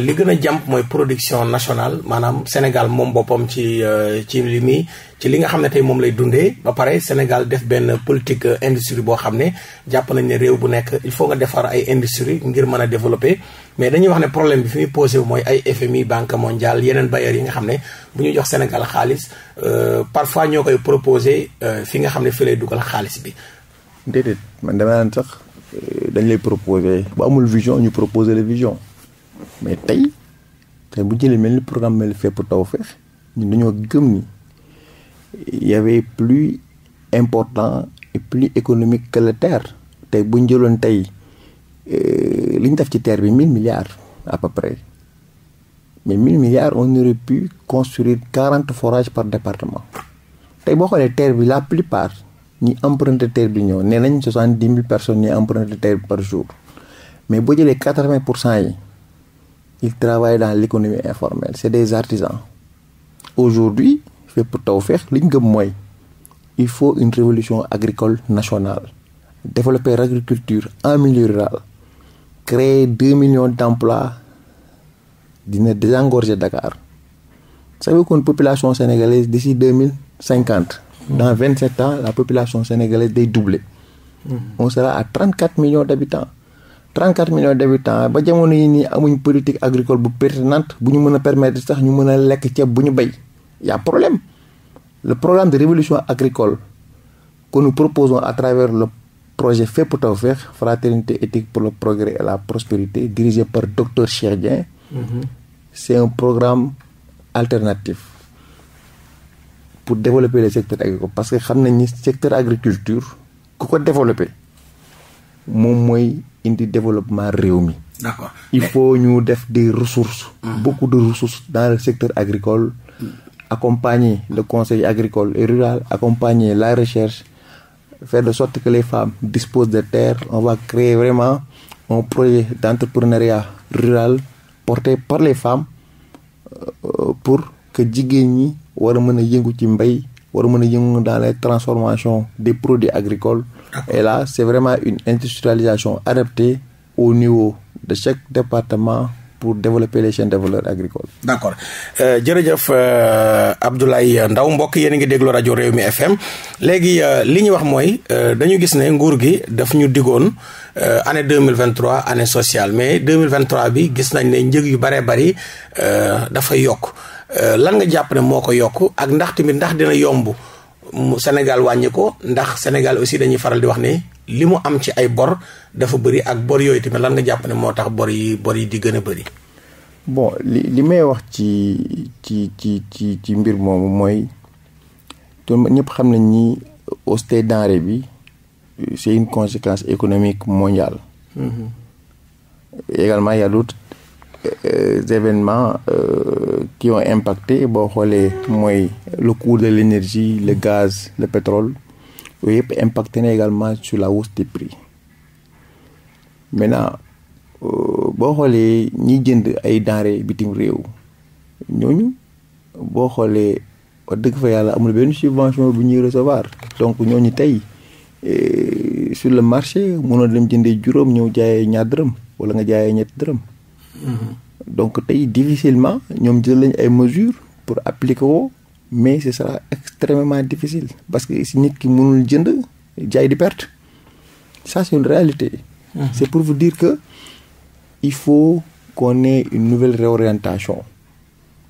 li gën a jàmp mooy production nationale maanaam Sénégal moom boppam ci ci li ci li nga xam ne tey moom lay dundee ba pare Sénégal def benn politique industrie boo xam ne jàpp nañ ne réew bu nekk il faut nga defar ay industrie ngir mën a développer mais dañuy wax ne problème bi fi muy posé wu mooy ay FMI banque mondiale yeneen bailleurs yi nga xam ne bu ñu jox Sénégal xaalis euh, parfois ñoo koy proposé euh, fi nga xam ne fi lay dugal xaalis bi. déedéet man dama naan sax euh, dañ lay proposé bu amul vision ñu propose la vision mais tey tey bu jëlee mel ni programme mel fépp Tawfekh ñun dañoo gëm ni y plus important et plus économique que la terre tey bu ñu jëloon tey. Euh, li ñu def ci terre bi mille milliards à peu près mais mille milliards on aurait pu construire quarante forages par département tey boo xoolee terre bi la plupart ñi emprunté terre bi ñëw nee nañ soixante dix mille personnes ñi emprunté terre bi par jour mais boo jëlee quatre vingt pour cent yi il travaillent dans l' économie informelle c' est des artisans aujourd'hui fépp taw feex li ñu gëm mooy il faut une révolution agricole nationale développer l'agriculture en milieu rural créer deux millions d'emplois dina désengorger Dakar savez kon population sénégalaise d'ici deux mille cinquante dans vingt sept ans la population sénégalaise day doubler mm-hmm. on sera à trente quatre millions d'habitants trente quatre millions d'habitants ba jamono yi nii amuñ politique agricole bu pertinente bu ñu mën a permettre sax ñu mën a lekk ceeb bu ñu bay y problème le programme de révolution agricole que nous proposons à travers le projet Fépp Tawfekh fraternité éthique pour le progrès et la prospérité dirigé par docteur Cheikh Dieng mmh. c'est un programme alternatif pour développer les secteurs agricoles parce que xam nañ ni secteur agriculture ku ko développer moom mooy indi développement réew mi d'accord il faut ñu def des ressources mmh. beaucoup de ressources dans le secteur agricole mhm. accompagner le conseil agricole et rural accompagner la recherche faire de sorte que les femmes disposent de terres. On va créer vraiment un projet d'entrepreneuriat rural porté par les femmes euh, pour que jigéen ñi war a mën a yëngu ci mbay war a mën a yëngu dans les transformations des produit agricoles. Et là, c'est vraiment une industrialisation adaptée au niveau de chaque département. pour développer les chaînes développeurs agricoles. d' accord euh, jërëjëf euh, Abdoulaye Ndao mbokk yéen a ngi déglu rajo réew mi FM léegi euh, li ñu wax mooy dañu gis ne nguur gi daf ñu digoon année 2023 année sociale mais deux 2023 bi gis nañ ne njëg yu bëree bëri dafa yokk lan nga jàpp ne moo ko yokk ak ndax mi ndax dina yomb. Sénégal wàññi ko ndax Sénégal aussi dañuy faral di wax ne li mu am ci ay bor dafa bëri ak bor yooyu tamit lan nga jàpp ne moo tax bor yi bor yi di gën a bëri. bon li li may wax ci ci ci ci ci mbir moomu mooy te ñëpp xam nañ ni austérité denrée bi c'est une conséquence économique mondiale. Mm -hmm. également y Euh, événements euh, qui ont impacté boo xoolee mooy le coût de le gaz le pétrole yëpp impacté na également la hausse prix maintenant euh, boo xoolee ñiy ay denrées bitim réew ñooñu boo xoolee dëgg fa yàlla amul benn subvention bu ñuy recevoir donc ñooñu tey sur le marché munoo dem jëndee juróom ñëw jaayee ñaar dërëm wala nga jaayee ñett dërëm donc tey difficilement ñoom jël lañ ay mesures pour appliquer ko mais ce sera extrêmement difficile parce que si nit ki mënul jënd jaay di perte ça c'est une réalité mhm. c'est pour vous dire que il faut qu'on ait une nouvelle réorientation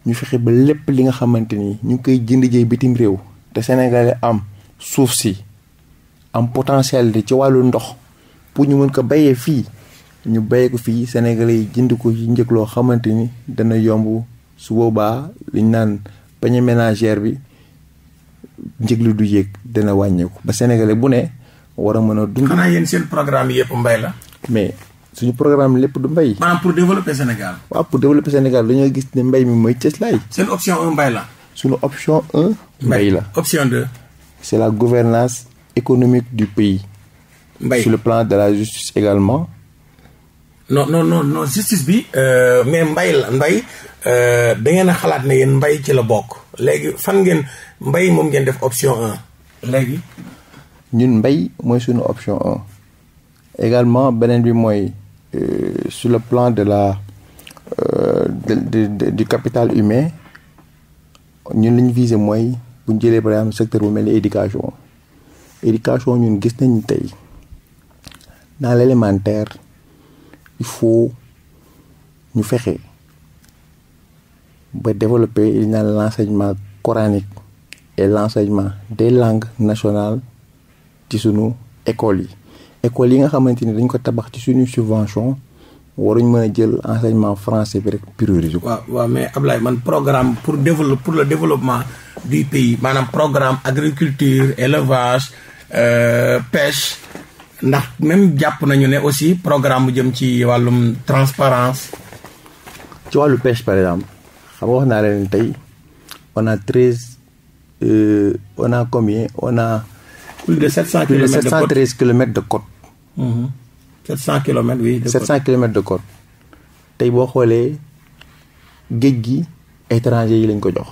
ñu fexe ba lépp li nga xamante ni ñu ngi koy jënd jëy bitim réew te sénégalais am suuf si am potentiel ci wàllu ndox pour ñu mën ko béyee fii ñu bàyyi ko fii Sénégalais yi jënd ko ci njëg loo xamante ni dana yomb su boobaa liñ naan panier ménagère bi njëglu du yéeg dana wàññeeku. ba Sénégalais bu ne war a mën a dund. xanaa yéen seen programme yëpp mbay la. mais suñu programme lépp du mbay. maanaam pour développer Sénégal. waaw pour développer Sénégal dañoo gis ne mbay mi mooy cëslaay. seen option un mbay la. suñu option mbay la option de c'est la gouvernance économique du pays. mbay le plan de la justice également. non non non non justice bi. Euh, mais mbay la mbay euh, da ngeen a xalaat ne yéen mbay ci la bokk léegi fan ngeen mbay moom ngeen def option léegi. ñun mbay mooy suñu option également beneen bi mooy euh, sur le plan de la de de du capital humain ñun li ñu visé mooy bu ñu jëlee par exemple secteur bu mel ni éducation éducation ñun gis nañu tey dans l' il faut ñu fexe ba développer li naan l'enseignement coranique et l'enseignement des langues nationales ci sunu écoles yi école yi nga xamante ni dañ ko tabax ci suñu subvention waruñ mën a jël enseignement français bi rek prioriser ko. waaw waaw mais Ablaye man programme pour développer pour le développement du pays maanaam programme agriculture élevage euh, ndax même jàpp nañu ne aussi programme bu jëm ci wàllum transparence ci wàllu pêche par exemple xam nga wax naa ne tey on a treize euh, on a combien on a. plus de sept cent kilomètres de côte plus de sept cent de côte. Mhm. cent kilomètres oui de côte cent kilomètres de côte tey boo xoolee géej gi étranger yi lañ ko jox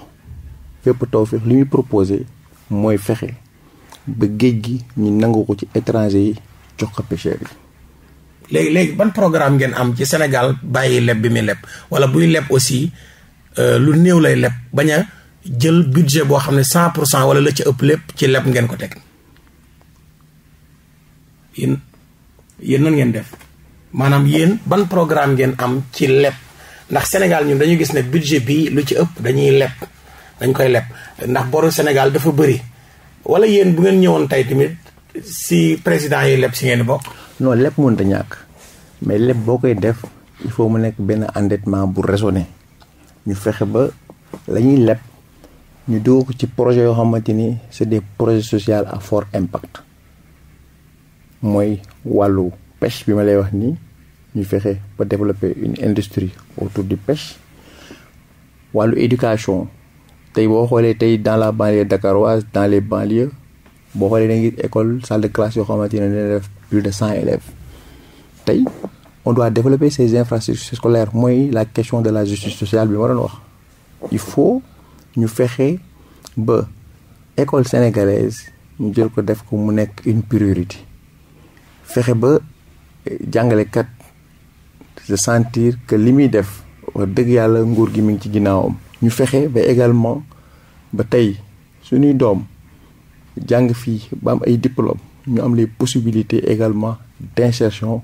fépp taw fépp li ñu proposé mooy fexe ba géej gi ñu nangu ko ci étranger yi jox ko pêcheurs yi. léegi léegi ban programme ngeen am ci Sénégal bàyyi leb bi muy leb wala buy leb aussi euh, lu néew lay leb bañ a jël budget boo xam ne cent pour cent wala la ci ëpp lépp ci leb ngeen ko teg. yéen yéen nan ngeen def maanaam yéen ban programme ngeen am ci leb ndax Sénégal ñu dañuy gis ne budget bi lu ci ëpp dañuy leb dañ koy leb ndax boru Sénégal dafa bëri wala yéen bu ngeen ñëwoon tey tamit si président yi lépp si ngeen bokk. noonu lépp mënut a ñàkk mais lépp boo koy def il faut mu nekk benn endettement bu raisonné ñu fexe ba la ñuy leb ñu dugg ko ci projet yoo xamante ni c'est des projet sociaux à fort impact mooy wàllu pêche bi ma lay wax nii ñu fexe ba développer une industrie autour du pêche wàllu éducation tey boo xoolee tey dans la banlieue dakaroise dans les banlieues. boo xoolee da ngay école salle de classe yoo xamante ne dina def plus de cent élèves tey on doit développer ces infrastructures scolaires mooy la question de la justice sociale bi ma doon wax il faut ñu fexe ba école sénégalaise mu jël ko def ko mu nekk une priorité fexe ba eh, jàngalekat se sentir que li muy def wax dëgg yàlla nguur gi mi ngi ci ginnaawam. ñu fexe ba également ba tey suñuy doom. jàng fii ba am ay diplôme ñu am les possibilités également d'insertion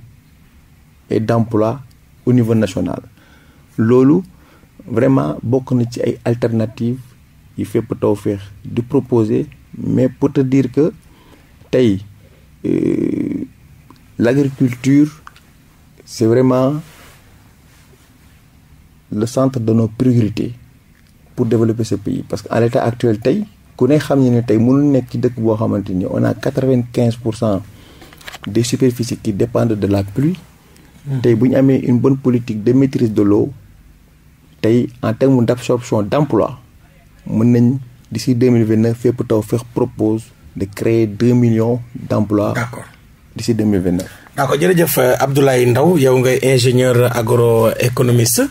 et d'emploi au niveau national loolu vraiment bokk na ci ay alternatives yi fépp Tawfekh di proposer mais pour te dire que tey euh, l'agriculture c'est vraiment le centre de nos priorités pour développer ce pays parce que en l'état actuel tey ku ne xam ne ne tey mënul nekk ci dëkk boo xamante ni on a quatre-vingt-quinze pour cent des superficies qui dépendent de la pluie. Hmm. tey bu ñu amee une bonne politique de maitrise de l'eau tey en termes d' absorption d' emploi mën nañ d'ici deux mille vingt neuf Fepp Tawfekh propose de créer deux millions d' di si accord d'ici d'accord jërëjëf euh, Abdoulaye ndaw yow nga ingénieur agroéconomiste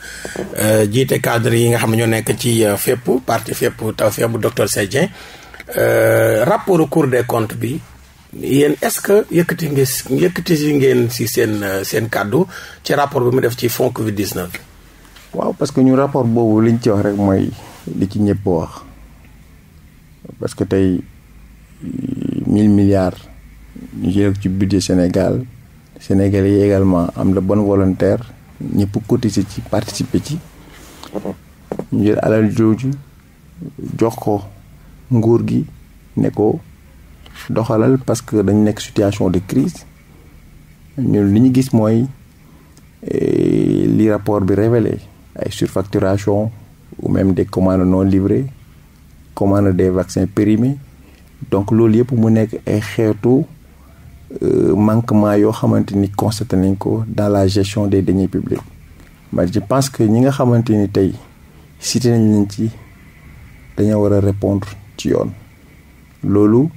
euh, jiite cadre yi nga xam ne ñoo nekk ci euh, fépp parti fépp taw fépp bu docteur Cheikh Dieng rapport Cour des comptes bi yéen est-ce que yëkkati nge yëkkati ngeen si seen seen kàddu ci rapport bi mu def ci fond Covid waaw parce que ñu rapport boobu liñ ci wax rek mooy li ci ñëpp wax parce que tey mille milliards ñu jël ci budget Sénégal Sénégalais yi également am la bonne volontaire ñëpp cotiser ci participer ci ñu jël alal jooju jox ko nguur gi ne ko doxalal parce que dañ nekk situation de crise ñu li ñu gis mooy eh, li rapport bi révélé ay surfacturation ou même des commande non livrées commande des vaccins périmés donc loolu yëpp mu nekk ay xeetu Euh, manquement yoo xamante ni constaté nañ ko dans la gestion des deniers publics ma je pense que ñi nga xamante ni tey cité nañ leen ci dañoo war a répondre ci yoon loolu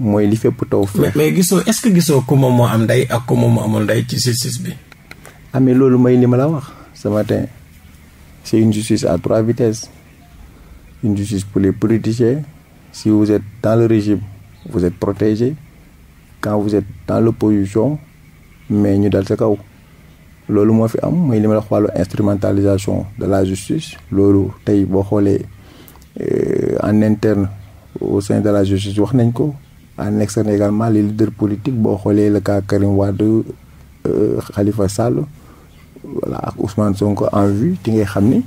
mooy li fépp taw feex mais gisoo est-ce que gisoo ku moom moo am ndey ak ku moom moo amul bi amee ah, loolu may li ma la wax ce matin c'est une justice à trois vitesses une justice pour les politiciens si vous êtes dans le régime vous êtes protégé quand vous êtes dans l'opposition mais ñu dal sa kaw loolu moo fi am mooy li ma la wax instrumentalisation de la justice loolu tey boo xoolee euh, en interne au sein de la justice wax nañ ko en externe également les leaders politiques boo xoolee le cas Karim Wade euh, Khalifa Sall voilà ak Ousmane Sonko en vue ci ngay xam ni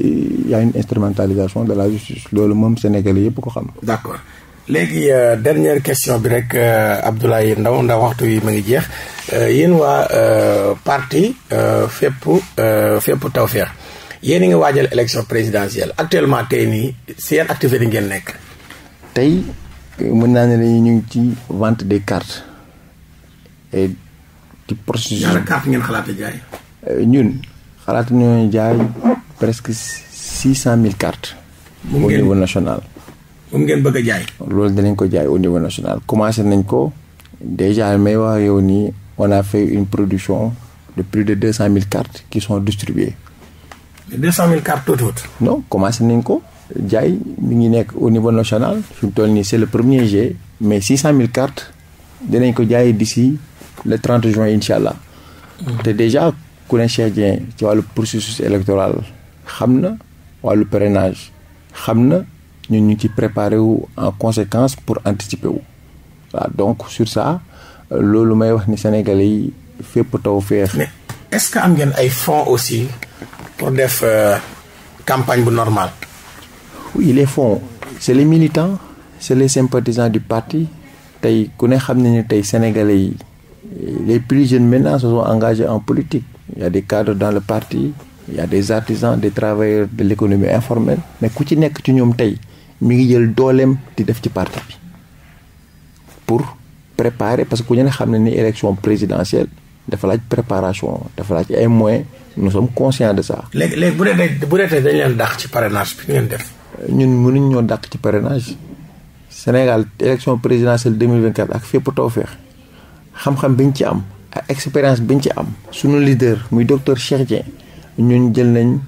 euh, y a une instrumentalisation de la justice loolu moom Sénégalais yëpp ko xam. léegi euh, dernière question bi rek euh, Abdoulaye Ndaw ndax waxtu yi ma ngi jeex euh, yéen waa parti fépp fépp Tawfekh yéen a ngi waajal élection présidentielle actuellement tey nii si yan yi ngeen nekk. tey mën naa ne dañuy ñu ngi ci vente des cartes et ci processus. ñaata carte ngeen xalaat jaay. ñun xalaat ñoo jaay presque six cent mille cartes. mu au niveau national. moom ngeen bëgg jaay. loolu danañ ko jaay au niveau national commencé nañ ko déjà may wax yow nii on a une production de plus de deux cent mille cartes qui sont distribuées. deux cent mille cartes tout non commencé nañ ko jaay mi ngi nekk au niveau national fi mu toll nii c'est le premier jet mais six cent mille cartes danañ ko jaay d'ici le trente juin incha allah. Hmm. te déjà ku ne Cheikh Dieng ci wàllu processus électoral xam na wàllu parrainage xam na. ñun ñu ci préparer wu en conséquence pour anticiper wu waaw donc sur ça loolu may wax ni Sénégalais yi fépp taw feex est-ce que am ngeen ay fonds aussi pour def euh, campagne bu normal il les fonds c'est les militants c'est les sympathisants du parti tey ku ne xam ne ni tey Sénégalais yi les plus jeunes maintenant se sont engagés en politique il y des cadres dans le parti il y a des artisans des travailleurs de l'économie informelle mais ku ci nekk ci ñoom tey mi ngi jël dooleem di def ci parti bi pour préparer parce que ku xam ne ni élection présidentielle dafa laaj préparation dafa laaj ay moyen nous sommes conscients de ça. léegi léegi bu dee bu dee dañ leen dàq ci parrainage bi ngeen def. ñun mënuñ ñoo daq ci parrainage Sénégal élection présidentielle 2024 ak fépp tawfeex xam-xam biñ ci am ak expérience biñ ci am. suñu leader muy docteur Cheikh Dieng ñun jël nañ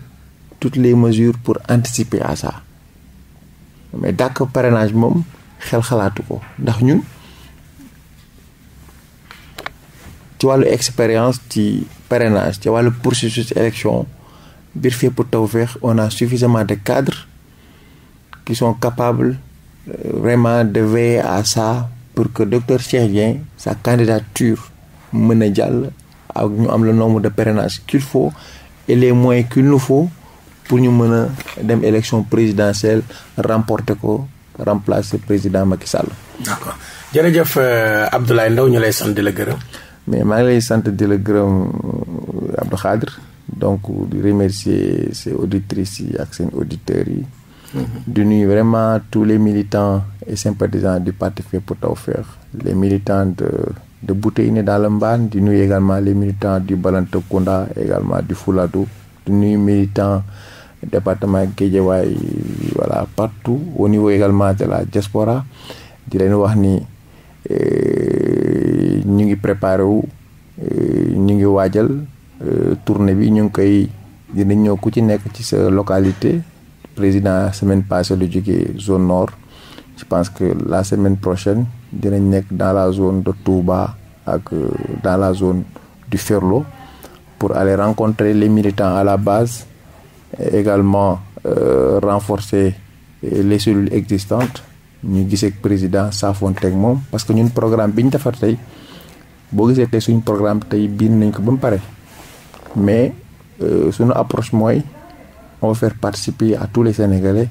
toutes les mesures pour anticiper à ça. mais dàq parrainage moom xel xalaatu ko ndax ñun ci wàllu expérience ci parrainage ci wàllu processus élection mbir fépp Tawfekh on a suffisamment de cadres qui sont capables euh, vraiment de veiller à ça pour que docteur Cheikh Dieng sa candidature mën a jàll ak ñu am le nombre de parrainage qu'il faut et les moyens qu'il nous faut pour ñu mën a dem élection présidentielle remporter ko remplacer président Macky Sall. d'accord jërëjëf euh, Abdoulaye Ndao ñu lay sant di la gërëm. mais maa ngi lay sant di la gërëm euh, Abdou Khadre donc di remercier ces auditrices yi ak seen auditeurs yi. Mhm. di nuy vraiment tous les militants et sympathisants du parti Fepp Tawfekh les militants de de Bouteyine daal le Mbane di nuyu également les militants du Balantacounda également du Fouladou di nuyu militants. département Guédiawaye voilà partout au niveau également de la diaspora di leen wax ni euh, ñu ngi préparé wu euh, ñu ngi waajal euh, tournée bi ñu ngi koy dinañ ñëw ku ci nekk ci sa localité président semaine passée lu jógee zone nord je pense que la semaine prochaine dinañ nekk dans la zone de Touba ak dans la zone du Ferlo pour aller rencontrer les militants à la base également euh, renforcer euh, les cellules existantes ñu giseek président saafoonteeg moom parce que ñun programme bi ñu defar tey boo gisee tey suñu programme tey bind nañ ko ba mu pare mais euh, suñu approche mooy on va faire participer à tous les Sénégalais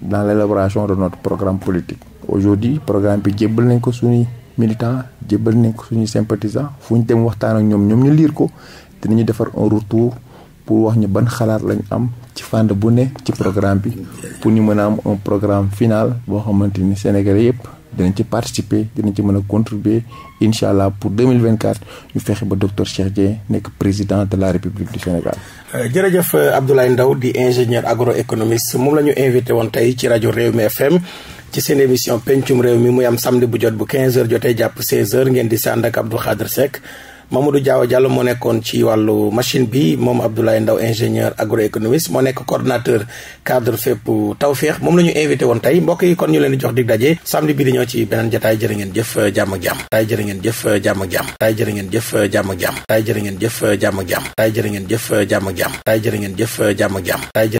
dans l'élaboration de notre programme politique. aujourd'hui programme bi jébbal nañ ko suñuy militants jébbal nañ ko suñuy sympathisants fu ñu dem waxtaan ak ñoom ñoom ñu liir ko dinañu defar un retour. pour wax ñu ban xalaat lañ am ci fànn bu ne ci programme bi pour ñu mën a am un programme final boo xamante ni Sénégalais yëpp dinañ ci participer dinañ ci mën a contribuer incha allah pour 2024 ñu fexe ba docteur Cheikh Dieng nekk président de la République du Sénégal. Euh, jërëjëf euh, Abdoulaye Ndao di ingénieur agroéconomiste moom la ñu invité woon tey ci rajo Réew mi FM. ci seen émission pencum réew mi muy am samedi bu jot bu 15h jotee jàpp 16h ngeen di si ànd ak Abdou Khadre Seck. Mamadou Diaw Diallo moo nekkoon ci wàllu machine bi moom Abdoulaye Ndaw ingénieur agroéconomiste moo nekk coordonnateur cadre fépp Tawfekh moom la ñu invité woon tey mbokk yi kon ñu leen di jox di daje samli bi di ñëw ci beneen jotaay jërë ngeen jëf euh, jàmm ak jàmm tay jërë ngeen jëf euh, jàmm ak jàmm tay jërë ngeen jëf euh, jàmm ak jàmm tay jërë ngeen jëf jàmm ak jàmm tay jërë ngeen jëf jàmm ak jàmm tay jërë ngeen jëf jàmm